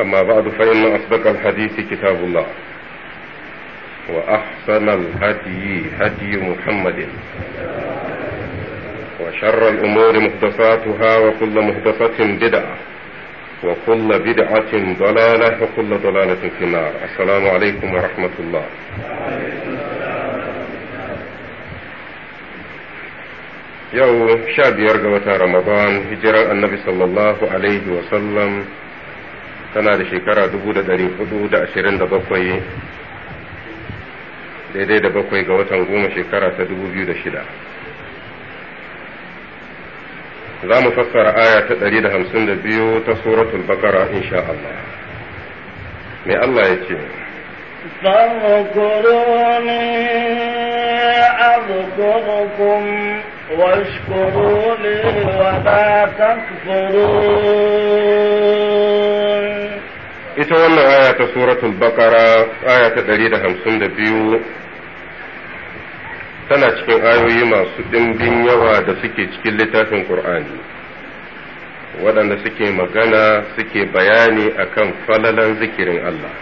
أما بعد فإن أصدق الحديث كتاب الله وأحسن الهدي هدي محمد وشر الأمور محدثاتها وكل محدثة بدعة وكل بدعة ضلالة وكل ضلالة في النار السلام عليكم ورحمة الله يوم شاب يرجع رمضان هجرة النبي صلى الله عليه وسلم tana da shekara dubu da ɗari hudu da ashirin da bakwai daidai da bakwai ga watan goma shekara ta dubu biyu da shida za mu fassara aya ta ɗari da hamsin da biyu ta suratul bakara insha Allah mai Allah ya ce فاذكروني أذكركم واشكروا لي ولا تكفرون ita wannan aya ta suratul bakara aya ta biyu, tana cikin ayoyi masu ɗimbin yawa da suke cikin littafin ƙur'ani waɗanda suke magana suke bayani akan falalan zikirin Allah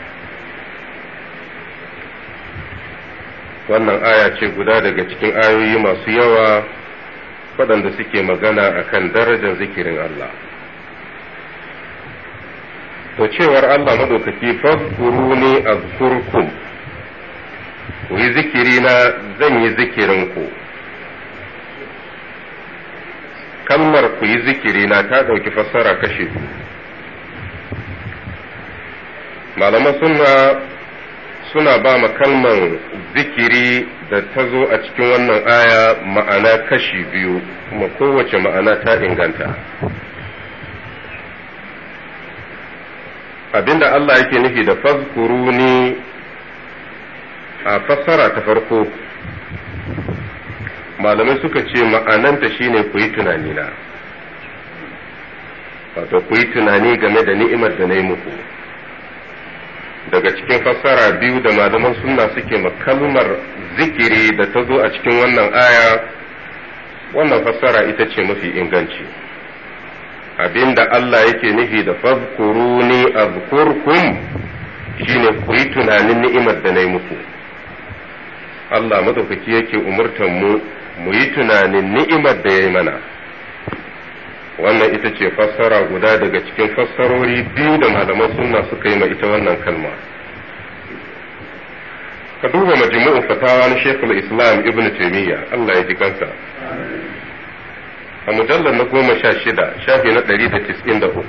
wannan aya ce guda daga cikin ayoyi masu yawa waɗanda suke magana a kan darajar zikirin Allah to cewar Allah madaukaki fadkuru ne azkurkum ku yi zikiri na zan yi zikirinku kalmar ku yi zikiri na ta ɗauki fassara kashe malaman suna suna ba ma kalman zikiri da ta zo a cikin wannan aya ma'ana kashi biyu kuma kowace ma'ana ta inganta abinda Allah yake nufi da fazkuruni a fassara ta farko malamai suka ce ma'ananta shine ku yi tunani na wato ku yi tunani game da ni'imar da na yi muku daga cikin fassara biyu da malaman sunna suke ma kalmar zikiri da ta zo a cikin wannan aya wannan fassara ita ce mafi inganci abinda Allah yake nufi da fadkuruni azkurkum shine ku yi tunanin ni'imar da na yi muku Allah madaukaki yake umurtan mu mu yi tunanin ni'imar da ya yi mana wannan ita ce fassara guda daga cikin fassarori biyu da malaman sunna suka yi ma ita wannan kalma ka duba majmu'u fatawa na Sheikhul Islam Ibn Taymiyyah Allah ya ji kansa a mujallar na goma sha shida shafi na ɗari da tis'in da uku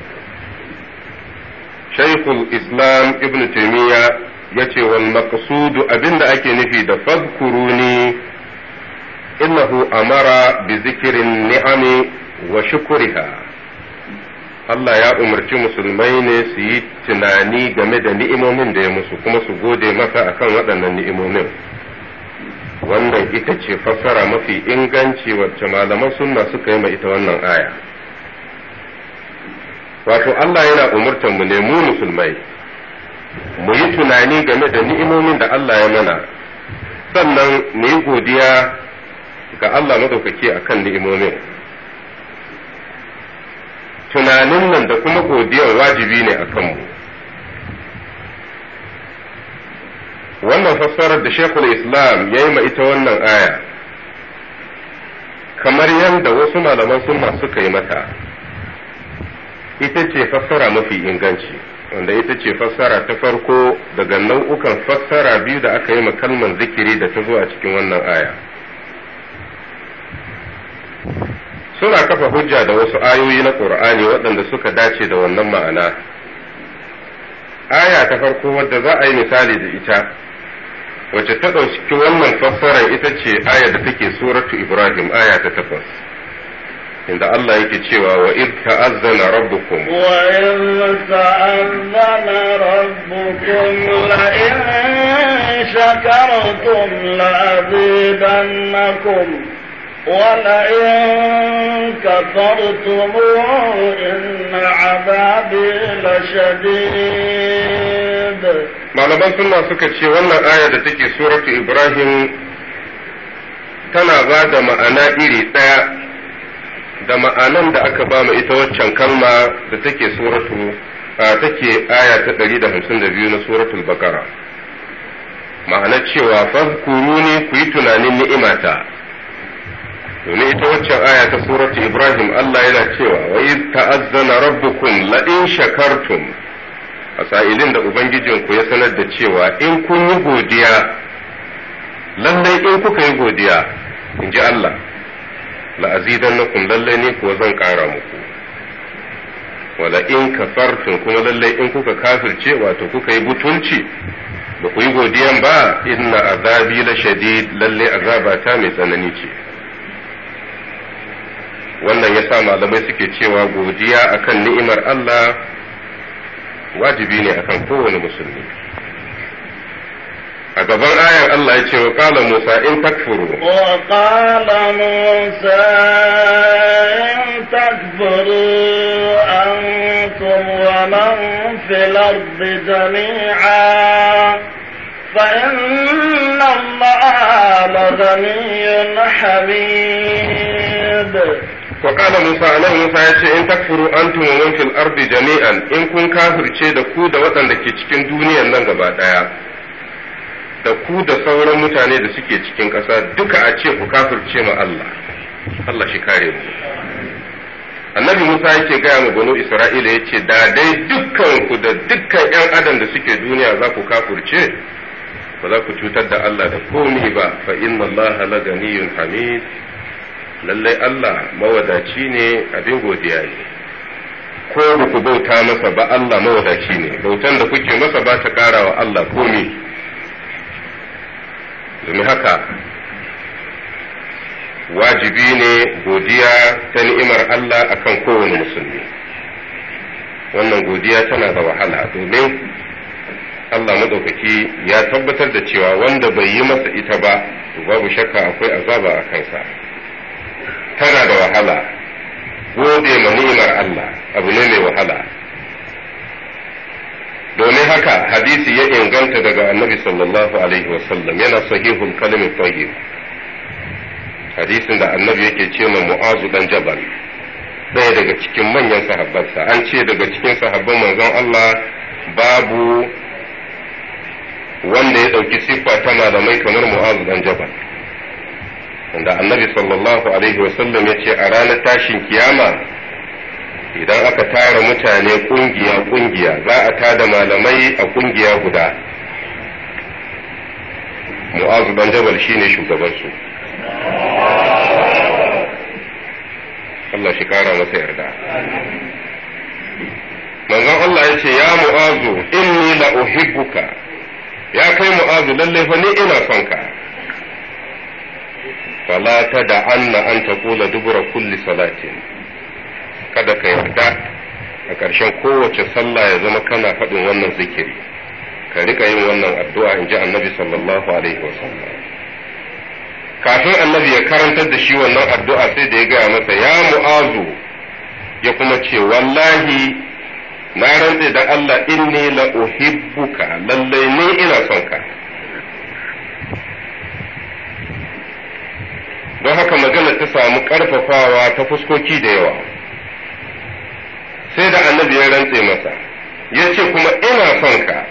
Sheikhul Islam Ibn Taymiyyah ya ce wal maqsudu abinda ake nufi da fadkuruni innahu amara bi zikirin ni'ami wa shukuriha Allah ya umarci musulmai ne su yi tunani game da ni'imomin da ya musu kuma su gode masa akan waɗannan ni'imomin wannan ita ce fassara mafi inganci wacce malaman sunna suka yi ma ita wannan aya wato Allah yana umurtar mu ne mu musulmai mu yi tunani game da ni'imomin da Allah ya mana sannan mu yi godiya ga Allah madaukake akan ni'imomin tunanin nan da kuma godiyar wajibi ne a kanmu wannan fassarar da shekul islam ya yi ma ita wannan aya kamar yadda wasu malaman sunna suka yi mata ita ce fassara mafi inganci wanda ita ce fassara ta farko daga nau'ukan fassara biyu da aka yi ma kalman zikiri da ta zo a cikin wannan aya. suna kafa hujja da wasu ayoyi na ƙur'ani waɗanda suka dace da wannan ma'ana aya ta farko wadda za a yi misali da ita wacce ta ɗauki wannan fassarar ita ce aya da take suratu ibrahim aya ta takwas inda Allah yake cewa wa id ta'azzana rabbukum wa id ta'azzana rabbukum la in shakartum la azidannakum ولئن كفرتم إن عذابي لشديد malaman suna suka ce wannan aya da take suratu ibrahim tana ba da ma'ana iri ɗaya da ma'anan da aka ba ita waccan kalma da take suratu take aya ta 152 na suratul bakara ma'ana cewa fazkuruni ku yi tunanin ni'imata domin ita waccan aya ta suratu Ibrahim Allah yana cewa wa ta'azzana rabbukum la in shakartum a sa'ilin da ku ya sanar da cewa in kun yi godiya lallai in kuka yi godiya in ji Allah la azidannakum lallai ne kuwa zan kara muku wala in kafartum kuma lallai in kuka kafirce wato kuka yi butunci, ba ku yi godiyan ba inna azabi la shadid lallai azabata mai tsanani ce wannan ya sa malamai suke cewa godiya akan ni'imar Allah wajibi ne akan kowane musulmi a gaban ayan Allah ya ce wa qala Musa in takfuru wa qala Musa in takfuru antum wa man fil ardi jami'a فَإِنَّ اللَّهَ لَغَنِيٌّ حَمِيدٌ wa qala musa annabi musa ya ce in takfuru antum wa man fil ardi jami'an in kun kafirce da ku da waɗanda ke cikin duniyan nan gaba daya da ku da sauran mutane da suke cikin ƙasa duka a ce ku kafirce ma Allah Allah shi kare mu annabi Musa yake gaya ma banu Isra'ila yace da dai dukkan ku da dukkan ƴan adam da suke duniya za ku kafirce ba za ku cutar da Allah da komai ba fa inna Allah la ganiyun hamid lallai Allah mawadaci ne abin godiya ne ko ba ku bauta masa ba Allah mawadaci ne bautan da kuke masa ba ta ƙara wa Allah komi domin haka wajibi ne godiya ta ni'imar Allah akan kowane musulmi wannan godiya tana da wahala domin Allah maɗaukaki ya tabbatar da cewa wanda bai yi masa ita ba babu shakka akwai azaba a kansa tana da wahala gode ma nunar Allah abu ne mai wahala domin haka hadisi ya inganta daga annabi sallallahu alaihi wasallam yana sahihul kalimin tayyib hadisin da annabi yake ce ma mu'azu dan jabal ɗaya daga cikin manyan sahabbansa an ce daga cikin sahabban manzon Allah babu wanda ya ɗauki siffa tana ta mai kamar mu'azu dan jabal Wanda annabi sallallahu alaihi wasallam ya ce a ranar tashin kiyama idan aka tara mutane kungiya kungiya za a tada malamai a kungiya guda mu'azu dan jabal shine shugabansu Allah shi kara masa yarda manzon Allah ya ce ya mu'azu inni la uhibbuka ya kai mu'azu lalle fa ni ina son ka فلا ta da anna an ta كل dubura kulli salatin kada ka yarda a ƙarshen kowace sallah ya zama kana faɗin wannan zikiri ka riƙa yin wannan addu'a in ji annabi sallallahu alaihi wasallam kafin annabi ya karantar da shi wannan addu'a sai da ya gaya masa ya mu'azu ya kuma ce wallahi na rantse da Allah inni la uhibbuka lallai ne ina son ka don haka magana ta samu ƙarfafawa ta fuskoki da yawa sai da annabi ya rantse masa ya ce kuma ina son ka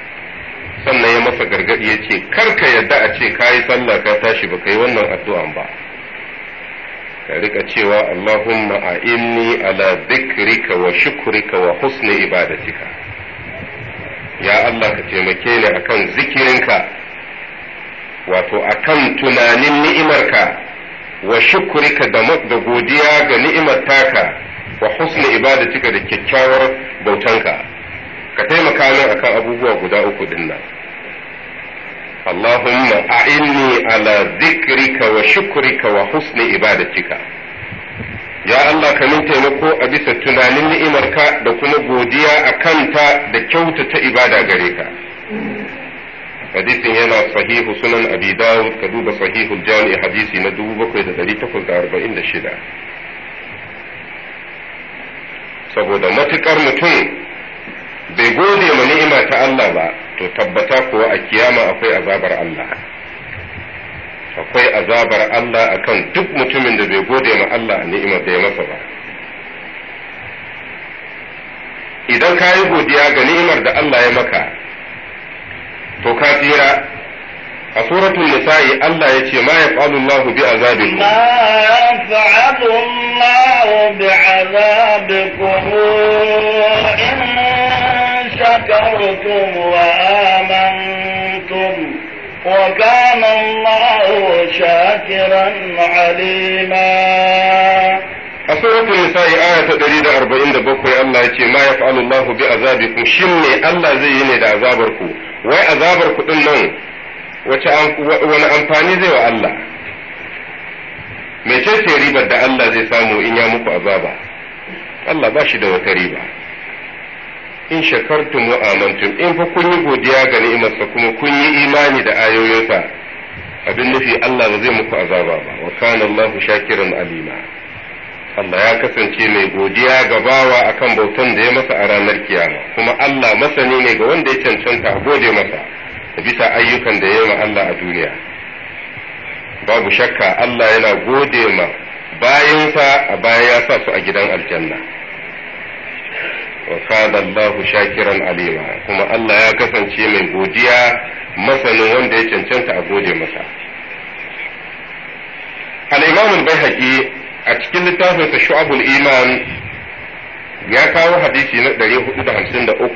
sannan ya masa gargaɗi ya ce karka yadda a ce ka yi sallah ka tashi ba ka yi wannan addu'an ba ka rika cewa Allahumma a inni ala dhikrika wa shukrika wa husni ibadatika ya Allah ka taimake ni akan zikirinka wato akan tunanin ni'imarka wa shukurika da godiya ga ni'imar taka wa husni ibadatika da kyakkyawar bautanka ka taimaka min akan abubuwa guda uku din nan Allahumma a'inni ala zikrika wa shukrika wa husni ibadatika ya Allah ka min taimako a bisa tunanin ni'imarka da kuma godiya a kanta da kyautata ibada gare ka hadisin yana sahihu sunan abi dawud ka duba sahihul jami'i hadisi na 7846 saboda matuƙar mutum bai gode ma ni'ima ta Allah ba to tabbata kuwa a kiyama akwai azabar Allah akwai azabar Allah akan duk mutumin da bai gode ma Allah a ni'imar da ya masa ba idan ka yi godiya ga ni'imar da Allah ya maka to ka tsira a suratul nisa'i Allah ya ce ma yaf'alu Allahu bi azabikum ma yaf'alu Allahu bi azabikum in shakartum wa amantum وكان الله شاكرا عليما سورة النساء آية تدريد أربعين دبقوا الله ku." Shin يفعل Allah zai yi الله da azabarku? wai azabar kuɗin nan wani amfani zai wa Allah mece ce ribar da Allah zai samu in ya muku azaba Allah ba shi da wata riba in shakartum wa amantum in fa kun yi godiya ga ni'imarsa kuma kun yi imani da ayoyinsa abin nufi Allah ba zai muku azaba ba wa kana Allahu shakiran alima Allah ya kasance mai godiya ga bawa akan bautan da ya masa a ranar kiyama kuma Allah masani ne ga wanda ya cancanta a gode masa da bisa ayyukan da ya yi ma Allah a duniya babu shakka Allah yana gode ma bayansa a baya ya sa su a gidan aljanna wa kana Allah kiran alima kuma Allah ya kasance mai godiya masanin wanda ya cancanta a gode masa al bai al a cikin littafin sa shu'abul iman ya kawo hadisi na 453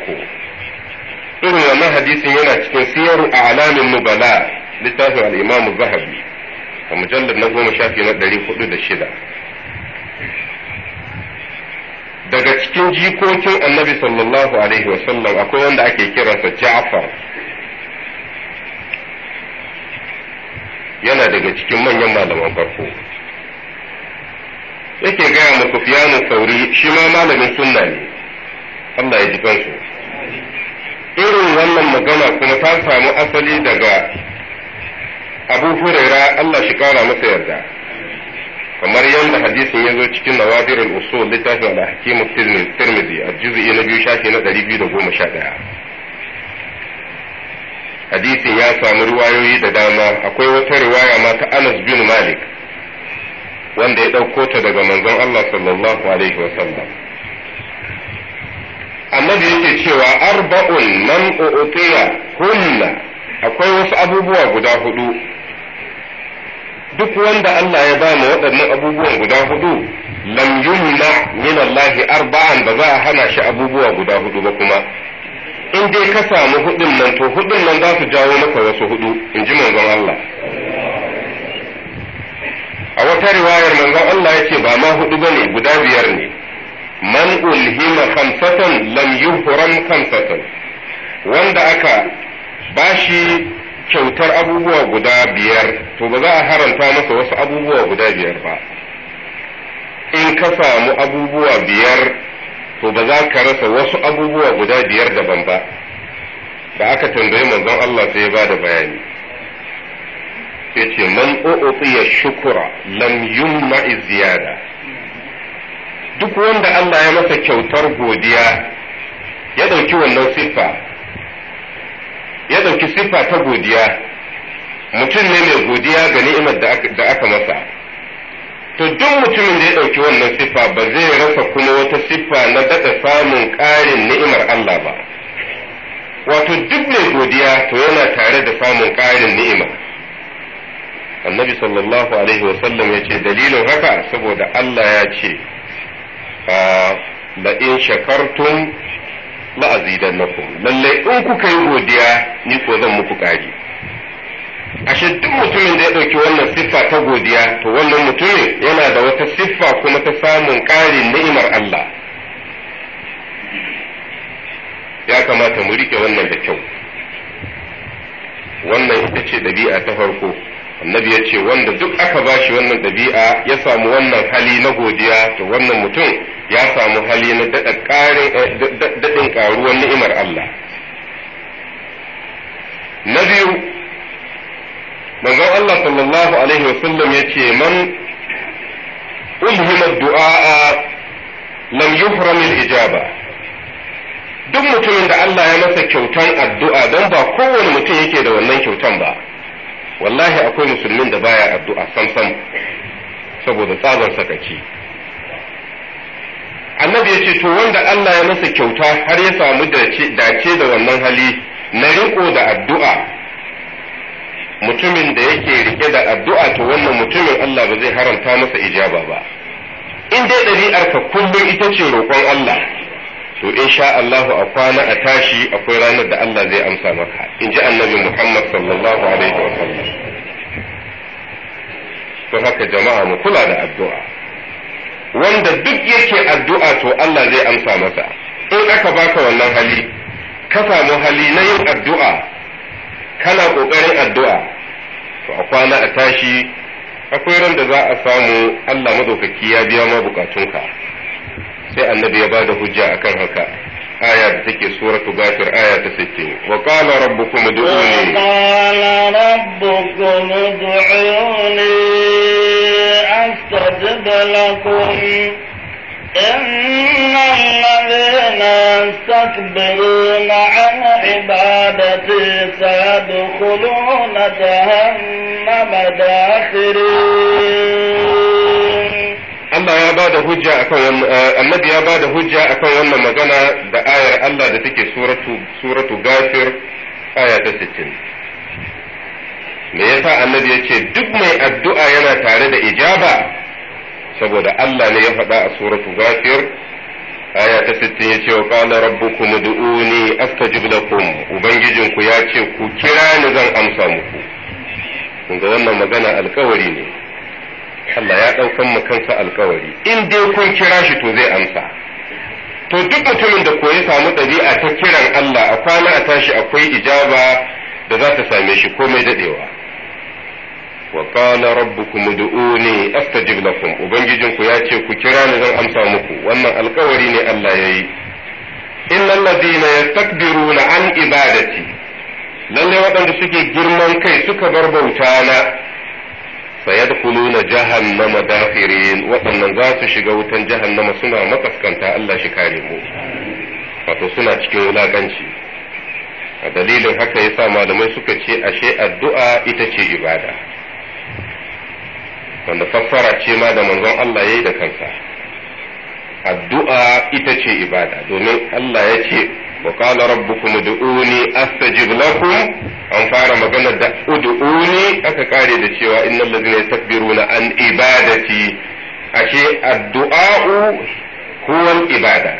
irin wannan hadisin yana cikin siyar a alamin nubala littafin al zahabi a mujallar na goma shafi na 406 daga cikin jikokin annabi sallallahu alaihi wasallam akwai wanda ake kiransa ja'far yana daga cikin manyan malaman farko yake gaya ma Sufyanu Sauri shi ma malamin sunna ne Allah ya ji kansu irin wannan magana kuma ta samu asali daga Abu hurera Allah shi kara masa yarda kamar yadda hadisin ya zo cikin al usul littafin da hakimu tirmidhi a juz'i na biyu shafi na 211 hadisin ya samu riwayoyi da dama akwai wata riwaya ma ta Anas bin Malik wanda ya ɗauko ta daga manzon Allah sallallahu alaihi wa sallam annabi yake cewa arba'un man u'tiya kullu akwai wasu abubuwa guda hudu duk wanda Allah ya ba mu waɗannan abubuwan guda hudu lam yumna min Allah arba'an ba za a hana shi abubuwa guda hudu ba kuma in dai ka samu hudun nan to hudun nan za su jawo maka wasu hudu in ji manzon Allah a wata riwayar manzon Allah yace ba ma hudu bane guda biyar ne man ulhima khamsatan lam yuhram khamsatan wanda aka bashi kyautar abubuwa guda biyar to ba za a haranta masa wasu abubuwa guda biyar ba in ka samu abubuwa biyar to ba za ka rasa wasu abubuwa guda biyar daban ba da aka tambayi manzon Allah sai ya ba da bayani sai ce man u'tiya shukura lam yumna ziyada duk wanda Allah ya masa kyautar godiya ya dauki wannan siffa ya dauki siffa ta godiya mutum ne mai godiya ga ni'imar da aka masa to duk mutumin da ya dauki wannan siffa ba zai rasa kuma wata siffa na daɗa samun ƙarin ni'imar Allah ba wato duk mai godiya to yana tare da samun ƙarin ni'ima annabi sallallahu alaihi wasallam ya ce dalilin haka saboda Allah ya ce ah, la in shakartum la azidannakum lalle in kuka yi godiya ni ko zan muku kari ashe duk mutumin da ya ɗauki wannan siffa ta godiya to wannan mutumin yana da wata siffa kuma ta samun ƙarin ni'imar Allah ya kamata mu rike wannan da kyau wannan ita ce ɗabi'a ta farko annabi ya ce wanda duk aka ba shi wannan ɗabi'a ya samu wannan hali na godiya to wannan mutum ya samu hali na eh, daɗin ƙaruwan ni'imar Allah na biyu manzon Allah sallallahu alaihi wasallam ya ce man ulhimar du'a lam yuhram ijaba duk mutumin da Allah ya masa kyautan addu'a don ba kowane mutum yake da wannan kyautan ba wallahi akwai musulmin da baya addu'a sansan saboda tsabar sakaci annabi ya ce to wanda Allah ya masa kyauta har ya samu dace da wannan hali na riko da addu'a mutumin da yake rike da addu'a to wannan mutumin Allah ba zai haramta masa ijaba ba in dai ɗari'arka kullum ita ce roƙon Allah to insha Allahu a kwana a tashi akwai ranar da Allah zai amsa maka in ji annabi Muhammad sallallahu alaihi wa sallam to haka jama'a mu kula da addu'a wanda duk yake addu'a to Allah zai amsa masa in aka baka wannan hali ka samu hali na yin addu'a kana kokarin addu'a to a kwana a tashi akwai ran da za a samu Allah madaukaki ya biya ma bukatunka sai annabi ya bada hujja akan haka aya da take suratu gafir aya ta 60 wa qala rabbukum ud'uni qala rabbukum ud'uni astajib lakum إن الذين يستكبرون عن عبادتي سيدخلون جهنم داخرين Allah ya bada hujja akan eh, annabi ya bada hujja akan wannan magana da ayar Allah da take suratu suratu gafir aya ta 60 me yasa annabi yace duk mai addu'a yana tare da ijaba saboda Allah ne ya faɗa a suratu gafir aya ta 60 yace wa qala rabbukum ud'uni astajib lakum ubangijinku yace ku kira ni zan amsa muku kun ga wannan magana alkawari ne Allah ya ɗaukan mu kansa alkawari in dai kun kira shi to zai amsa to duk mutumin da koyi samu ɗabi'a ta kiran Allah a kwana a tashi akwai ijaba da za ta same shi komai daɗewa wa qala rabbukum ud'uni astajib lakum ubangijin ku yace ku kira ni zan amsa muku wannan alkawari ne Allah yayi innal ladina yastakbiruna an ibadati lalle waɗanda suke girman kai suka bar bauta na sayadkhuluna jahannama dakhirin waɗannan za su shiga wutan jahannama suna makaskanta Allah shi kare mu wato suna cikin wulakanci a dalilin haka yasa malamai suka ce ashe addu'a ita ce ibada wanda fassara ce ma da manzon Allah yayi da kansa addu'a ita ce ibada domin Allah ya ce wa qala rabbukum ud'uni astajib lakum an fara magana da ud'uni aka kare da cewa innal ladzina yastakbiruna an ibadati ashe addu'a huwa ibada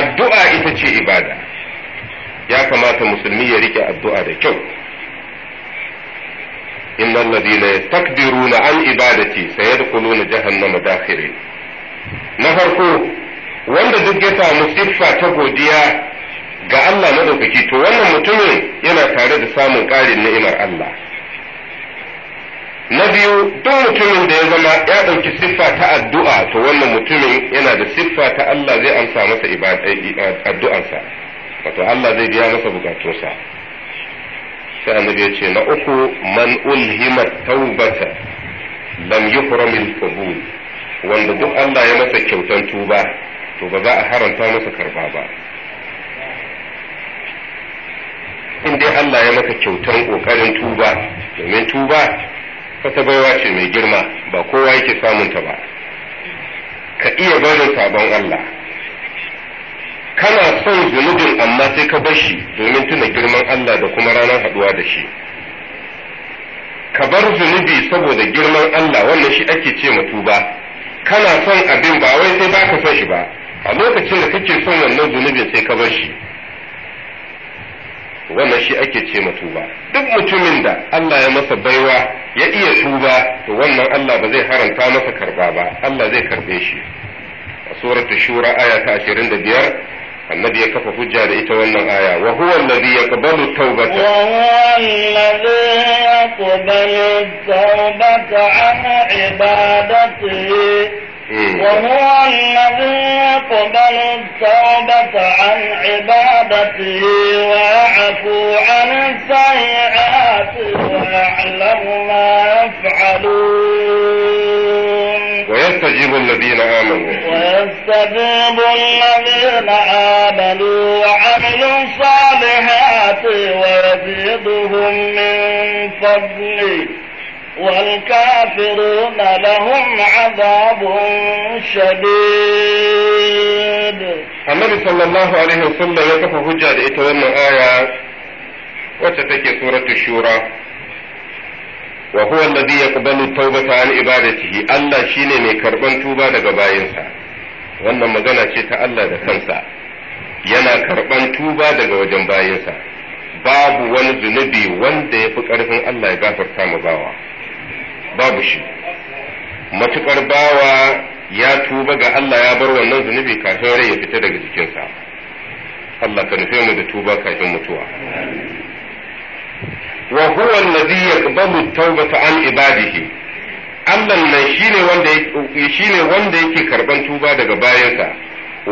addu'a ita ce ibada ya kamata musulmi ya rike addu'a da kyau innal ladzina yastakbiruna an ibadati sayadkhuluna jahannama dakhirin na farko wanda duk ya samu siffa ta godiya ga Allah na ɗaukaki to wannan mutumin yana tare da samun ƙarin ni'imar Allah na biyu duk mutumin da ya zama ya ɗauki siffa ta addu'a to wannan mutumin yana da siffa ta Allah zai amsa masa eh, eh, addu'arsa wato Allah zai biya masa bukatunsa sai annabi ya ce na uku man ulhimat taubata lam yuhramil qabul wanda duk Allah ya masa kyautan tuba to ba za a haranta masa karba ba in dai Allah ya masa kyautan kokarin tuba domin tuba wata baiwa ce mai girma ba kowa yake samun ta ba ka iya barin sabon Allah kana son zunubin amma sai ka bar shi domin tuna girman Allah da kuma ranar haduwa da shi ka bar zunubi saboda girman Allah wannan shi ake ce ma tuba kana son abin ba wai sai baka son shi ba a lokacin da kake son wannan zunubin sai ka bar shi wannan shi ake ce ma tuba duk mutumin da Allah ya masa baiwa ya iya tuba to wannan Allah ba zai haranta masa karba ba Allah zai karbe shi a suratul shura aya ta 25 annabi ya kafa hujja da ita wannan aya wa huwa alladhi yaqbalu tawbata wa huwa alladhi an ibadatihi وهو الذي يقبل التوبة عن عبادته ويعفو عن السيئات ويعلم ما يفعلون ويستجيب الذين آمنوا ويستجيب الذين آمنوا وعملوا الصالحات ويزيدهم من فضله والكافرون لهم عذاب شديد النبي صلى الله عليه وسلم يقف هجر إتوان آية وتتكي سورة الشورى wa huwa alladhi yaqbalu tawbata an ibadatihi Allah shine mai karban tuba daga bayinsa wannan magana ce ta Allah da kansa yana karban tuba daga wajen bayinsa babu wani zunubi wanda ya fi ƙarfin Allah ya gafarta mu bawa babu shi matuƙar bawa ya tuba ga Allah ya bar wannan zunubi kafin rai ya fita daga jikinsa Allah ka nufe mu da tuba kafin mutuwa huwa alladhi yaqbalu tawbata an ibadihi Allah shi ne wanda wanda yake karban tuba daga bayansa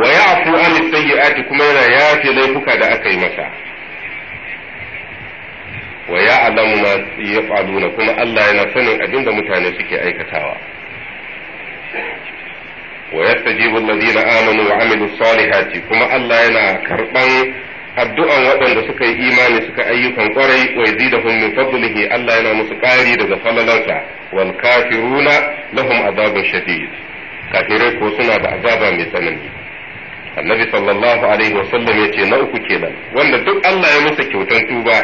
wa ya'fu an sayyi'ati kuma yana yafe laifuka da aka yi masa wa ya'lamu ma faduna kuma Allah yana sanin abin da mutane suke aikatawa wa yastajibu alladhina amanu wa amilus salihati kuma Allah yana karban addu'an waɗanda suka yi imani suka ayyukan kwarai wa yazidahum min fadlihi Allah yana musu ƙari daga falalansa wal kafiruna lahum azabin shadid kafirai ko suna da azaba mai tsanani annabi sallallahu alaihi wasallam ya ce na uku kenan wanda duk Allah ya masa kyautan tuba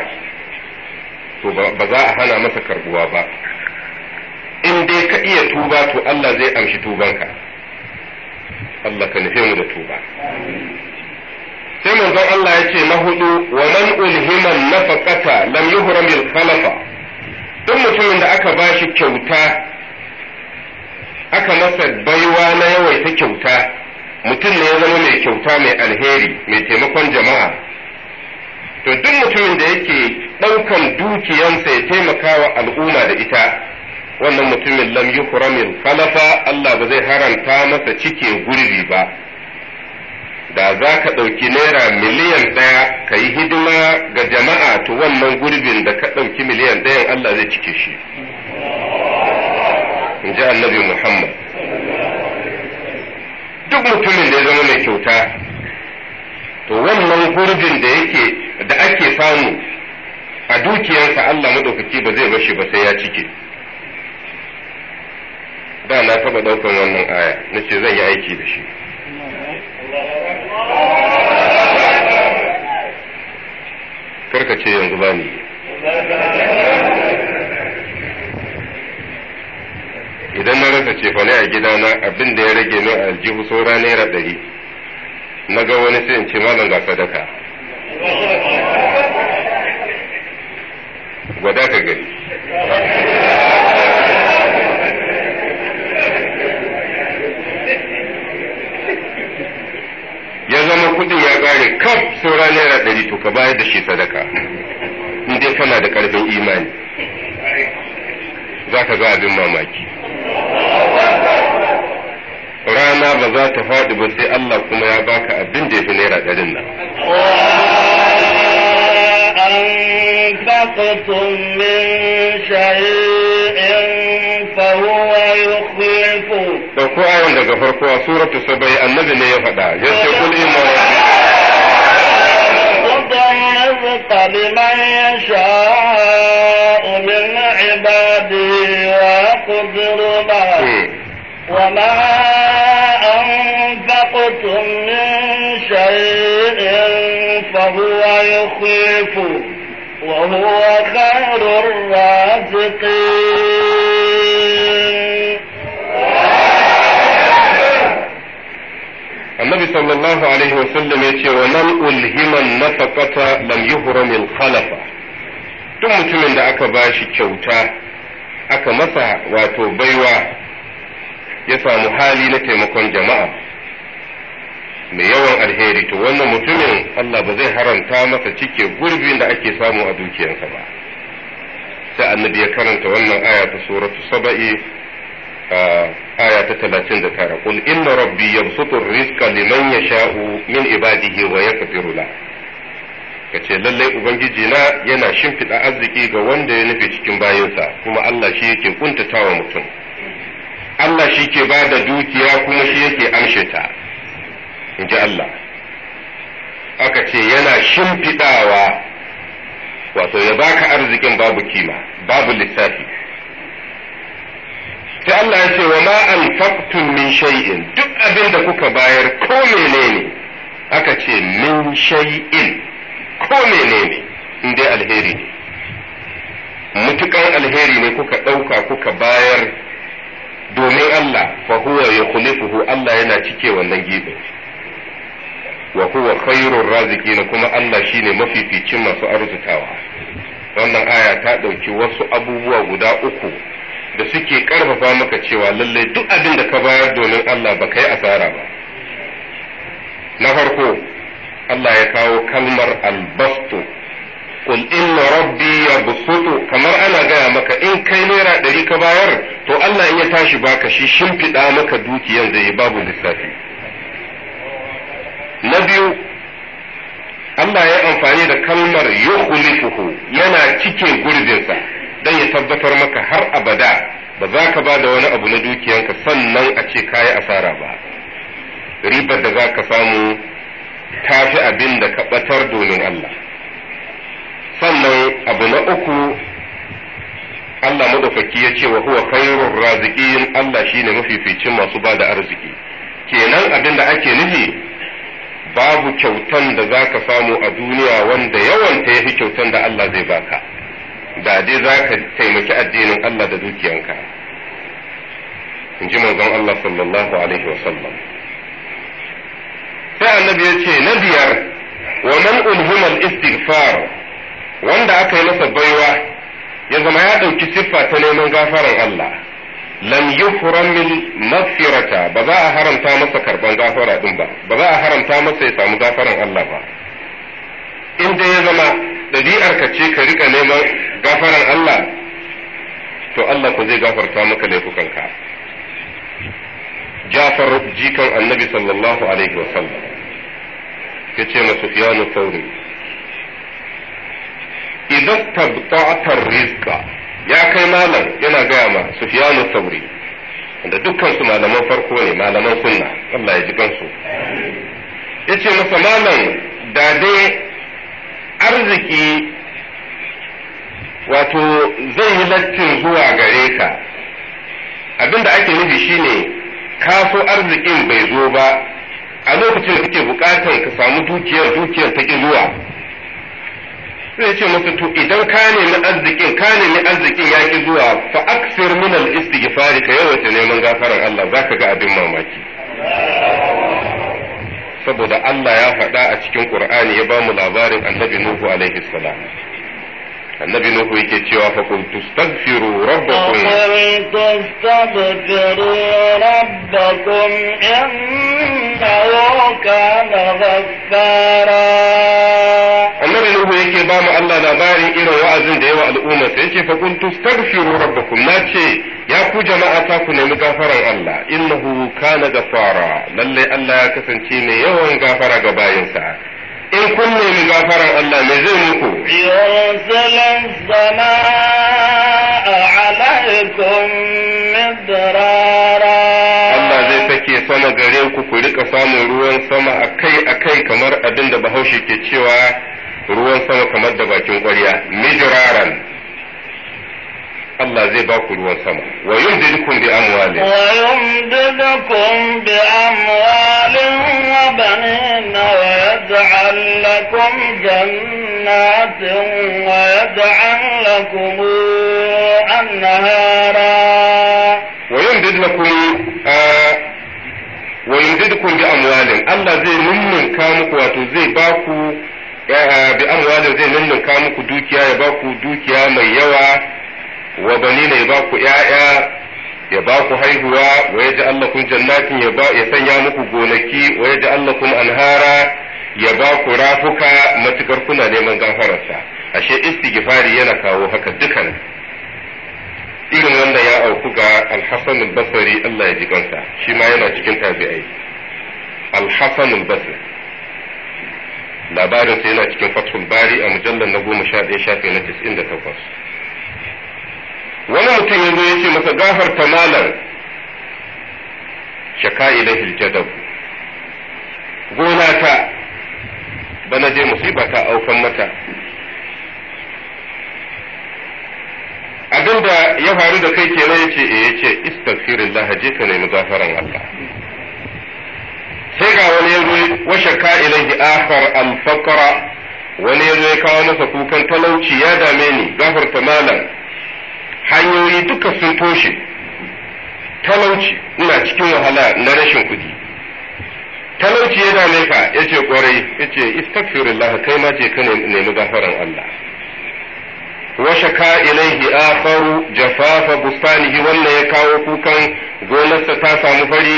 to ba za a hana masa karbuwa ba in dai ka iya tuba to Allah zai amshi tubanka Allah ka nufe mu da tuba sai manzon Allah ya ce na hudu wa man ulhiman nafaqata lam yuhram al khalafa duk mutumin da aka bashi kyauta aka masa baiwa na yawaita kyauta mutum ne ya zama mai kyauta mai alheri mai taimakon jama'a to duk mutumin da yake ɗaukan dukiyansa ya taimaka wa al'umma da ita wannan mutumin lam yuhram al khalafa Allah ba zai haranta masa cike gurbi ba da za ka ɗauki naira miliyan ɗaya ka yi hidima ga jama'a to wannan gurbin da ka ɗauki miliyan ɗayan Allah zai cike shi in ji annabi Muhammad duk mutumin da ya zama mai kyauta to wannan gurbin da yake da ake samu a dukiyarsa Allah maɗaukaki ba zai bashi ba sai ya cike da na taɓa ɗaukan wannan aya na ce zan yi aiki da shi ka ce yanzu ba ni idan na rasa cefane a gidana abin da ya rage min aljihu saura naira ɗari na ga wani sai in ce malam ga sadaka gwada ka gari. ya zama kudin ya ƙare kaf saura naira ɗari to ka bayar da shi sadaka in dai kana da ƙarfin imani za ka ga abin mamaki rana ba za ta faɗi ba sai Allah kuma ya baka abin da ya fi naira ɗarin nan أنفقتم من شيء فهو daga farko a suratu sabai annabi ne ya faɗa ya ce kul inna rabbi لمن يشاء من عبادي ويقدر له وما أنفقتم من شيء فهو يخلفه وهو خير الرازقين annabi sallallahu alaihi wa sallam yace wa man ulhima nafaqata lam yuhram al khalafa duk mutumin da aka ba shi kyauta aka masa wato baiwa ya samu hali na taimakon jama'a mai yawan alheri to wannan mutumin Allah ba zai haramta masa cike gurbin da ake samu a dukiyarsa ba sai annabi ya karanta wannan aya ta suratu saba'i aya ta talatin da tara kul inna rabbi yabsutu rizqa liman yasha'u min ibadihi wa yaqdiru la kace lallai ubangiji na yana shimfiɗa arziki ga wanda ya nufi cikin bayansa kuma Allah shi yake kuntatawa mutum Allah shi ke ba dukiya kuma shi yake amshe ta Inji Allah aka ce yana shimfiɗawa wato ya baka arzikin babu kima babu lissafi sai Allah ya ce wa ma anfaqtum min shay'in duk abin da kuka bayar ko menene aka ce min shay'in ko menene in dai alheri ne mutukan alheri ne kuka ɗauka kuka bayar domin Allah fa huwa fuhu. Allah yana cike wannan gibin wa huwa khairur raziqin kuma Allah shine mafificin masu arzikawa. wannan aya ta ɗauki wasu abubuwa guda uku da suke karfafa maka cewa lallai duk abin da ka bayar domin Allah ba kai asara ba na farko Allah ya kawo kalmar albastu qul inna rabbi yabsutu kamar ana gaya maka in kai naira ɗari ka bayar to Allah in ya tashi baka shi shimfiɗa maka dukiyan da yi babu lissafi na biyu Allah ya amfani da kalmar yukhlifuhu yana cike gurbinsa dan ya tabbatar maka har abada ba za ka ba da wani abu na dukiyanka sannan a ce ka yi asara ba ribar da za ka samu ta fi abin da ka ɓatar domin Allah sannan abu na uku Allah madaukaki ya ce wa huwa khairur raziqin Allah shine mafificin masu ba da arziki kenan abin da ake nufi babu kyautan da za ka samu a duniya wanda yawanta ya fi kyautan da Allah zai baka Dade dai za ka taimaki addinin Allah da dukiyanka in ji manzon Allah sallallahu alaihi sallam. sai annabi ya ce na biyar wa man ulhuma al-istighfar wanda aka yi masa baiwa ya zama ya ɗauki siffa ta neman gafaran Allah lam yuhram min maghfirata ba za a haramta masa karban gafara din ba ba za a haramta masa ya samu gafaran Allah ba in dai ya zama ɗabi'ar ka ce ka rika neman gafaran Allah to Allah ku zai gafarta maka laifukanka Jafar jikan annabi sallallahu alaihi wa sallam ya ce masu fiyanu sauri idan tabbatar rizqa ya kai malam yana gaya ma sufiyanu sauri da dukkan su malaman farko ne malaman sunna Allah ya ji kansu yace masa malam da dai arziki wato zai yi lattin zuwa gare ka abinda ake nufi shine ka so arzikin bai zo ba a lokacin da kake bukatar ka samu dukiyar dukiyar ta zuwa zai ce masa to idan ka nemi arzikin ka nemi arzikin ya ki zuwa fa aksir min al istighfar ka yawaita neman gafaran Allah zaka ga abin mamaki saboda Allah ya faɗa a cikin Qur'ani ya ba mu labarin annabi Nuhu alaihi salam annabi Nuhu yake cewa fa qul tastaghfiru rabbakum qul kana ghaffara annabi Nuhu yake ba mu Allah labarin irin wa'azin da yawa al'umma sai yake fa kuntu astaghfiru rabbakum na ce ya ku jama'a ta ku nemi gafaran Allah innahu kana gafara lalle Allah ya kasance mai yawan gafara ga bayinsa in kun nemi gafaran Allah me zai muku yursalan alaikum midrara Allah zai sake sama gare ku ku rika samun ruwan sama akai akai kamar abinda Bahaushe ke cewa ruwan sama kamar da bakin ƙwarya mijiraran Allah zai ba ku ruwan sama wa yumdidukum bi amwalin wa yumdidukum bi amwalin wa na wa ya lakum jannatin wa yaj'al lakum anhara wa yumdid lakum ah, wa yumdidukum bi amwalin Allah zai mummunka muku wato zai ba ku bi amwalin zai nunnuka muku dukiya ya ba ku dukiya mai yawa wa bani ya ku yaya ya ba ku haihuwa wa ya kun jannatin ya sanya muku gonaki wa ya kun anhara ya ba ku rafuka matukar kuna neman gafararsa ashe istighfari yana kawo haka dukan irin wanda ya auku ga al basari Allah ya ji shi ma yana cikin tabi'ai al basari. labarin sa yana cikin fatul bari a mujallar na goma sha ɗaya shafi na tis'in da takwas wani mutum yanzu ya ce masa gafar malam shaka ilahil jadab gona ta bana je musiba ta aukan mata abinda ya faru da kai kenan ya ce eh, ya ce istaghfirullah lahaji ka nemi gafaran Allah sai ga wani yanzu wa shakka ilaihi ji afar alfakara wani yazo ya kawo masa kukan talauci ya dame ni gafarta malam hanyoyi duka sun toshe talauci ina cikin wahala na rashin kuɗi talauci ya dame ka yace kwarai ce istaghfirullah kai ma je ka nemi gafaran Allah wa shaka ilaihi akharu jafafa bustanihi wannan ya kawo kukan gonarsa ta samu fari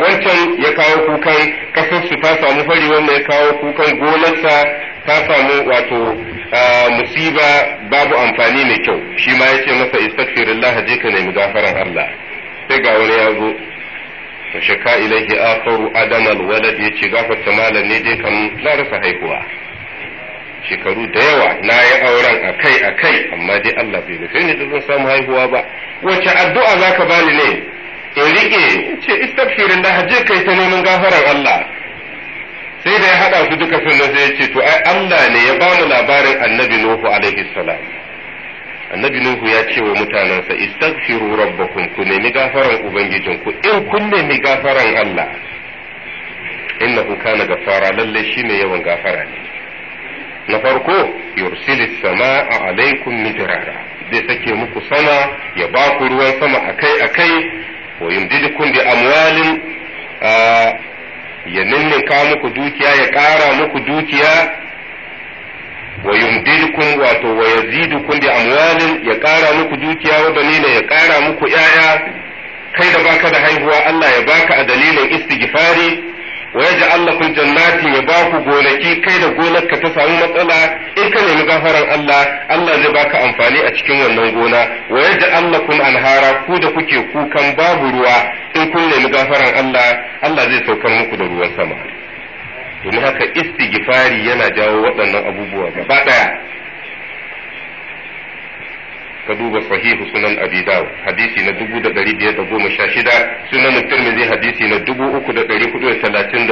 wancan ya kawo kukan kasarsu ta samu fari wanda ya kawo kukan gonarsa ta samu wato musiba babu amfani mai kyau shi ma ya ce masa istaghfirullah je ka nemi gafaran Allah sai ga wani ya zo wa shaka ilaihi akharu adama alwalad yace gafarta malam ne dai kan na rasa haihuwa shekaru da yawa na yi auren akai akai amma dai Allah bai nufe ni da zan samu haihuwa ba wace addu'a za zaka bani ne in rike ce istafirin da haje kai ta neman gafarar Allah sai da ya haɗa su duka sunan sai ya ce to ai Allah ne ya bamu labarin Annabi Nuhu alaihi salam Annabi Nuhu ya ce wa mutanensa istaghfiru rabbakum ku nemi gafaran ubangijinku in kun nemi gafaran Allah innahu kana gafara lalle shine yawan gafara ne na farko yursilis sama'a alaikum mijrara zai sake muku sama ya ba ku ruwan sama akai akai wa yumdidukum bi amwalin ya ninninka muku dukiya ya ƙara muku dukiya wa yumdidukum wato wa yazidukum bi amwalin ya ƙara muku dukiya wa dalila ya ƙara muku yaya kai da baka da haihuwa Allah ya baka a dalilin istighfari wa yaj'al lakum jannati ya ba gonaki kai da gonar ka ta samu matsala in ka nemi gafaran Allah Allah zai baka amfani a cikin wannan gona wa Allah lakum anhara ku da kuke kukan babu ruwa in kun nemi gafaran Allah Allah zai saukar muku da ruwan sama domin haka istighfari yana jawo waɗannan abubuwa gaba ɗaya ka duba sahihu sunan abi dawud hadisi na dubu da da biyar goma sha shida, sunan tirmidhi hadisi na dubu uku da hudu hudu da da da talatin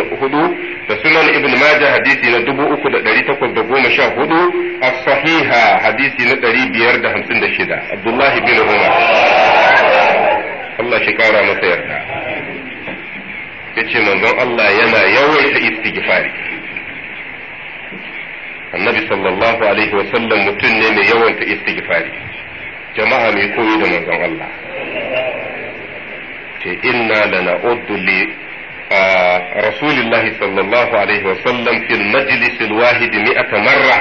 sunan ibn Maja hadisi na dubu uku da da takwas goma sha hudu a sahiha hadisi na biyar da da hamsin shida. abdullahi bin umar Allah shi kara masa yarda yace manzon Allah yana yawaita istighfari annabi sallallahu alaihi wasallam mutum ne mai yawanta istighfari jama'a mai koyi da manzon Allah ce inna lana'uddu li rasulillah sallallahu alaihi wasallam fil majlis alwahid mi'ata marra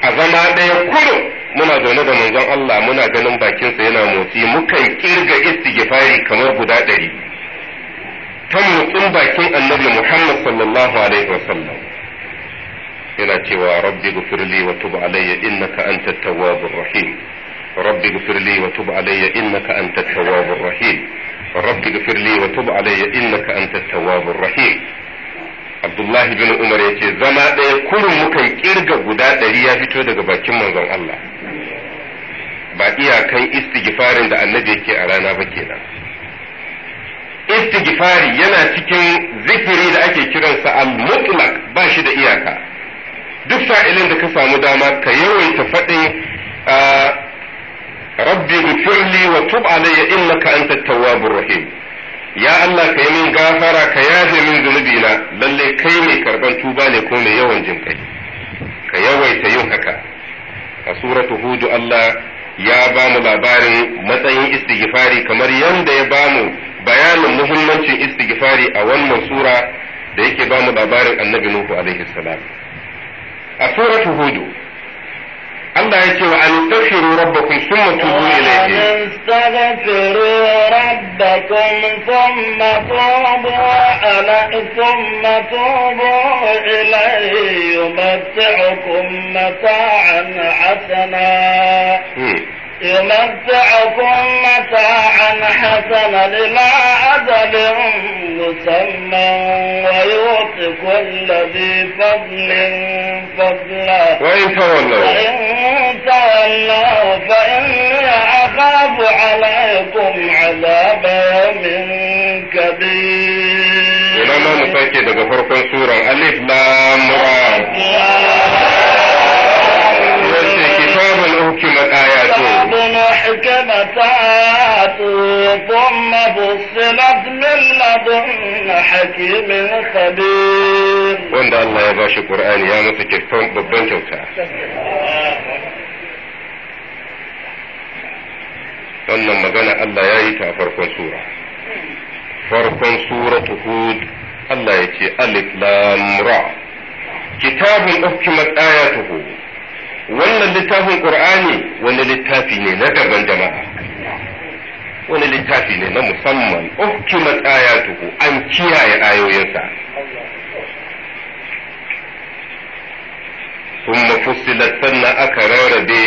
a zama ɗaya Kulu. muna zaune da manzon Allah muna ganin bakinsa yana motsi mukan kirga istighfari kamar guda ɗari ta motsin bakin annabi Muhammad sallallahu alaihi sallam. yana cewa rabbi gufirli wa tub alayya innaka antat tawwabur rahim رب اغفر لي وتب علي إنك أنت التواب الرحيم رب اغفر لي وتب علي إنك أنت التواب الرحيم Abdullahi bin Umar ya ce zama ɗaya kurun mukan kirga guda ɗari ya fito daga bakin manzon Allah ba iyakan istighfarin da annabi yake a rana ba kenan istighfari yana cikin zikiri da ake kiransa al-mutlaq ba shi da iyaka duk sa'ilin da ka samu dama ka yawaita faɗin ah, rabbi gfirli wa tub alayya innaka antat tawwabur rahim ya Allah ka yi min gafara ka yafe min zunubi na lalle kai mai karban tuba ne ko mai yawan jin kai ka yawaita yin haka a suratu hudu Allah ya ba mu labarin matsayin istighfari kamar yadda ya ba mu bayanin muhimmancin istighfari a wannan sura da yake ba mu labarin annabi Nuhu alaihi salam a suratu hudu Allah ya ce wa an tafiru rabbakum summa tubu ilayhi wa an tafiru rabbakum summa tubu ala summa tubu ilayhi yumatti'ukum mata'an hasana يمتعكم متاعا حسنا إلى أجل مسمى ويؤت كل ذي فضل فضلا وإن تولوا وإن تولوا فإني أخاف عليكم عذاب يوم كبير idan za mu sake daga farkon suran alif lam ra wace kitabun hukimat ayatu hukimat ayatu thumma fussilat min ladun hakimin khabir wanda Allah ya bashi qur'ani ya masa babban kyauta wannan magana Allah ya yi ta a farkon sura farkon sura hud Allah ya ce alif lam ra kitabun uhkimat ayatuhu wannan littafin qur'ani wani littafi ne na daban jama'a wani littafi ne na musamman uhkimat ayatuhu an kiyaye ayoyinsa ثم فصلت sannan aka rarrabe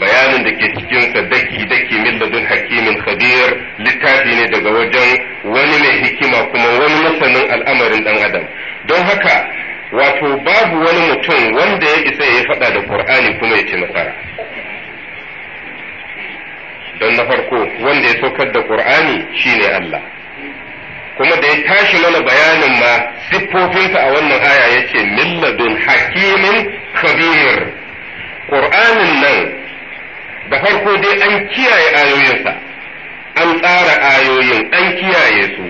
bayanin da ke cikin sa daki daki min ladun hakimin khabir littafi ne daga wajen wani mai hikima kuma wani masanin al'amarin dan adam don haka wato babu wani mutum wanda ya isa ya faɗa da qur'ani kuma ya ci nasara don na farko wanda ya saukar da qur'ani shine Allah kuma da ya tashi mana bayanin ma siffofinsa a wannan aya yace min ladun hakimin khabir Ƙur'anin nan da farko dai an kiyaye ayoyinsa an tsara ayoyin an kiyaye su